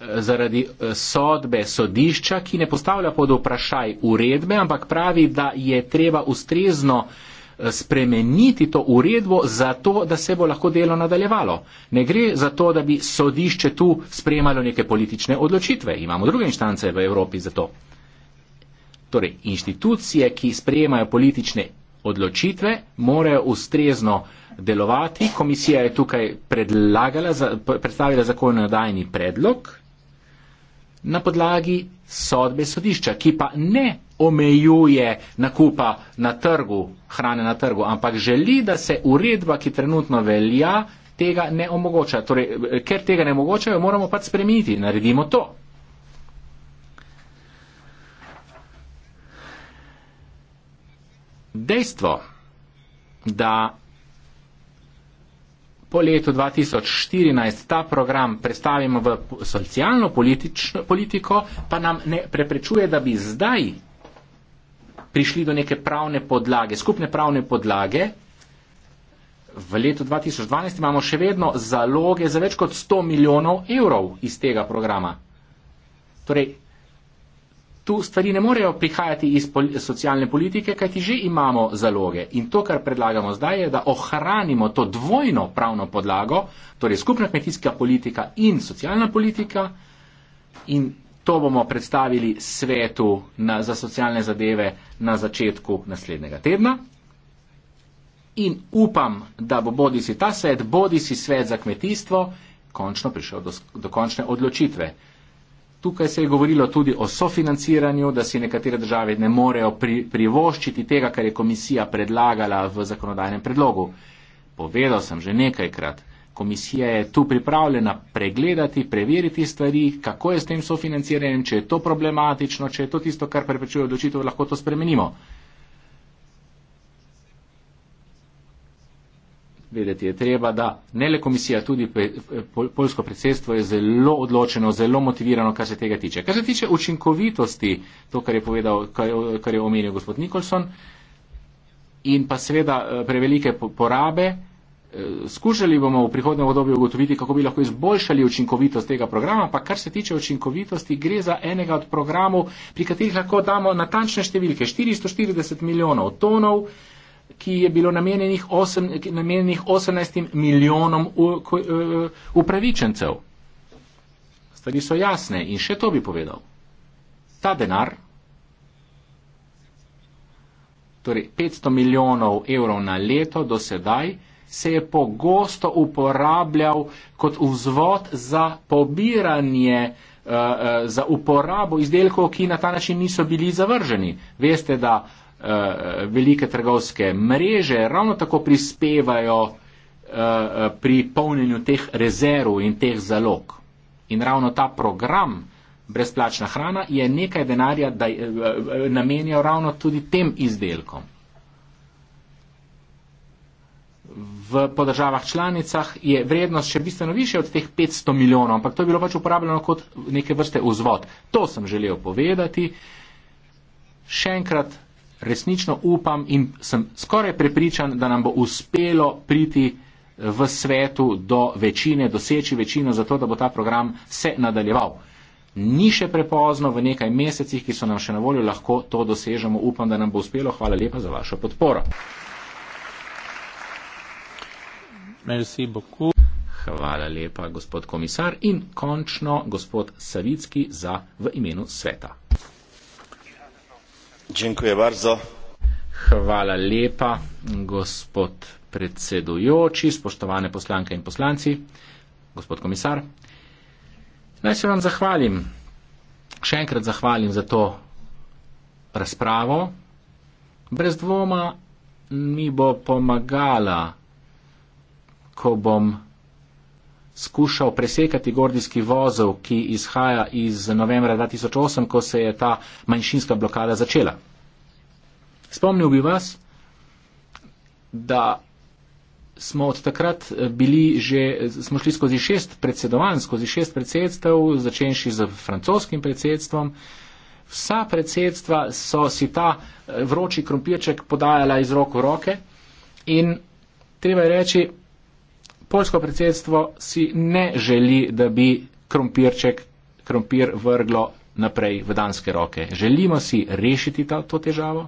eh, zaradi eh, sodbe sodišča, ki ne postavlja pod vprašaj uredbe, ampak pravi, da je treba ustrezno spremeniti to uredbo zato, da se bo lahko delo nadaljevalo. Ne gre za to, da bi sodišče tu sprejemalo neke politične odločitve. Imamo druge inštance v Evropi za to. Torej, inštitucije, ki sprejemajo politične odločitve, morajo ustrezno delovati. Komisija je tukaj predlagala, predstavila zakonodajni predlog na podlagi sodbe sodišča, ki pa ne omejuje nakupa na trgu, hrane na trgu, ampak želi, da se uredba, ki trenutno velja, tega ne omogoča. Torej, ker tega ne omogočajo, moramo pač spremeniti. Naredimo to. Dejstvo, da po letu 2014 ta program prestavimo v socialno politiko, pa nam ne preprečuje, da bi zdaj prišli do neke pravne podlage, skupne pravne podlage. V letu 2012 imamo še vedno zaloge za več kot 100 milijonov evrov iz tega programa. Torej, tu stvari ne morejo prihajati iz pol socialne politike, kajti že imamo zaloge. In to, kar predlagamo zdaj, je, da ohranimo to dvojno pravno podlago, torej skupna kmetijska politika in socialna politika, in To bomo predstavili svetu na, za socialne zadeve na začetku naslednjega tedna. In upam, da bo bodi si ta svet, bodi si svet za kmetijstvo, končno prišel do, do končne odločitve. Tukaj se je govorilo tudi o sofinanciranju, da si nekatere države ne morejo pri, privoščiti tega, kar je komisija predlagala v zakonodajnem predlogu. Povedal sem že nekajkrat. Komisija je tu pripravljena pregledati, preveriti stvari, kako je s tem sofinanciranjem, če je to problematično, če je to tisto, kar preprečuje odločitev, lahko to spremenimo. Vedeti je treba, da ne le komisija, tudi eh, polsko predsedstvo je zelo odločeno, zelo motivirano, kar se tega tiče. Kar se tiče učinkovitosti, to, kar je, povedal, kar je omenil gospod Nikolson, in pa seveda eh, prevelike porabe, skušali bomo v prihodnem obdobju ugotoviti, kako bi lahko izboljšali učinkovitost tega programa, pa kar se tiče učinkovitosti, gre za enega od programov, pri katerih lahko damo natančne številke, 440 milijonov tonov, ki je bilo namenjenih, 8, namenjenih 18 milijonom e, upravičencev. Stvari so jasne in še to bi povedal. Ta denar, torej 500 milijonov evrov na leto do sedaj, se je pogosto uporabljal kot vzvod za pobiranje, eh, eh, za uporabo izdelkov, ki na ta način niso bili zavrženi. Veste, da eh, velike trgovske mreže ravno tako prispevajo pri polnjenju teh rezerv in teh zalog. In ravno ta program brezplačna hrana je nekaj denarja, da je namenjal ravno tudi tem izdelkom v, po državah članicah je vrednost še bistveno više od teh 500 milijonov, ampak to je bilo pač uporabljeno kot neke vrste vzvod. To sem želel povedati. Še enkrat resnično upam in sem skoraj prepričan, da nam bo uspelo priti eh, v svetu do večine, doseči večino za to, da bo ta program se nadaljeval. Ni še prepozno, v nekaj mesecih, ki so nam še na voljo, lahko to dosežemo. Upam, da nam bo uspelo. Hvala lepa za vašo podporo. Merci beaucoup. Hvala lepa, gospod komisar. In končno, gospod Savicki za v imenu sveta. Hvala lepa, gospod predsedujoči, spoštovane poslanke in poslanci, gospod komisar. Naj se vam zahvalim, še enkrat zahvalim za to razpravo. Brez dvoma mi bo pomagala ko bom skušal presekati gordijski vozel, ki izhaja iz novembra 2008, ko se je ta manjšinska blokada začela. Spomnil bi vas, da smo od takrat bili že, smo šli skozi šest predsedovanj, skozi šest predsedstv, začenši z francoskim predsedstvom. Vsa predsedstva so si ta eh, vroči krompirček podajala iz roko v roke in treba je reči, Poljsko predsedstvo si ne želi, da bi krompirček, krompir vrglo naprej v danske roke. Želimo si rešiti ta, to težavo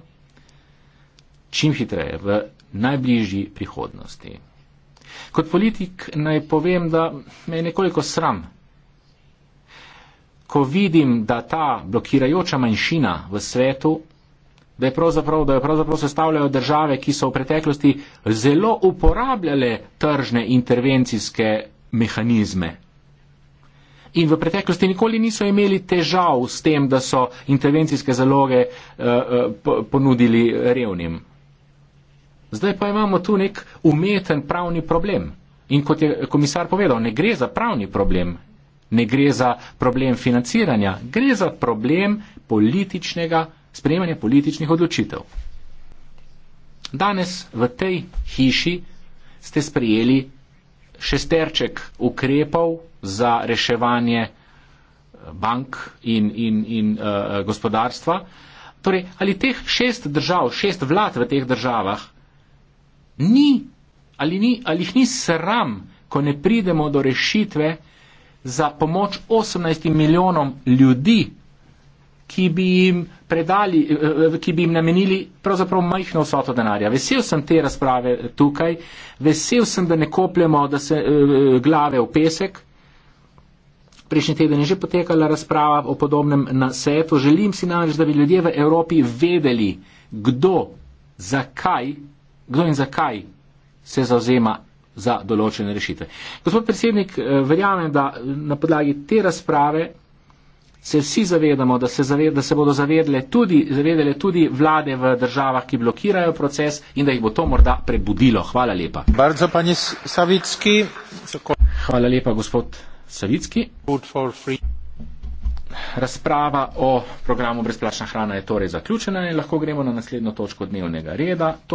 čim hitreje, v najbližji prihodnosti. Kot politik naj povem, da me je nekoliko sram, ko vidim, da ta blokirajoča manjšina v svetu da, pravzaprav, da jo pravzaprav sestavljajo države, ki so v preteklosti zelo uporabljale tržne intervencijske mehanizme. In v preteklosti nikoli niso imeli težav s tem, da so intervencijske zaloge eh, eh ponudili revnim. Zdaj pa imamo tu nek umeten pravni problem. In kot je komisar povedal, ne gre za pravni problem, ne gre za problem financiranja, gre za problem političnega sprejemanje političnih odločitev. Danes v tej hiši ste sprejeli šesterček ukrepov za reševanje eh, bank in, in, in uh, gospodarstva. Torej, ali teh šest držav, šest vlad v teh državah ni, ali, ni, ali jih ni sram, ko ne pridemo do rešitve za pomoč 18 milijonom ljudi ki bi jim, predali, eh, eh, ki bi jim namenili pravzaprav majhno vsoto denarja. Vesel sem te razprave tukaj, vesel sem, da ne kopljemo da se, eh, glave v pesek. Prejšnji teden je že potekala razprava o podobnem na svetu. Želim si namreč, da bi ljudje v Evropi vedeli, kdo, zakaj, kdo in zakaj se zauzema za določene rešitve. Gospod predsednik, verjamem, da na podlagi te razprave se vsi zavedamo, da se, zaved, da se bodo zavedle tudi, zavedele tudi vlade v državah, ki blokirajo proces in da jih bo to morda prebudilo. Hvala lepa. Bardzo, Savicki. Hvala lepa, gospod Savicki. Razprava o programu brezplačna hrana je torej zaključena in lahko gremo na naslednjo točko dnevnega reda.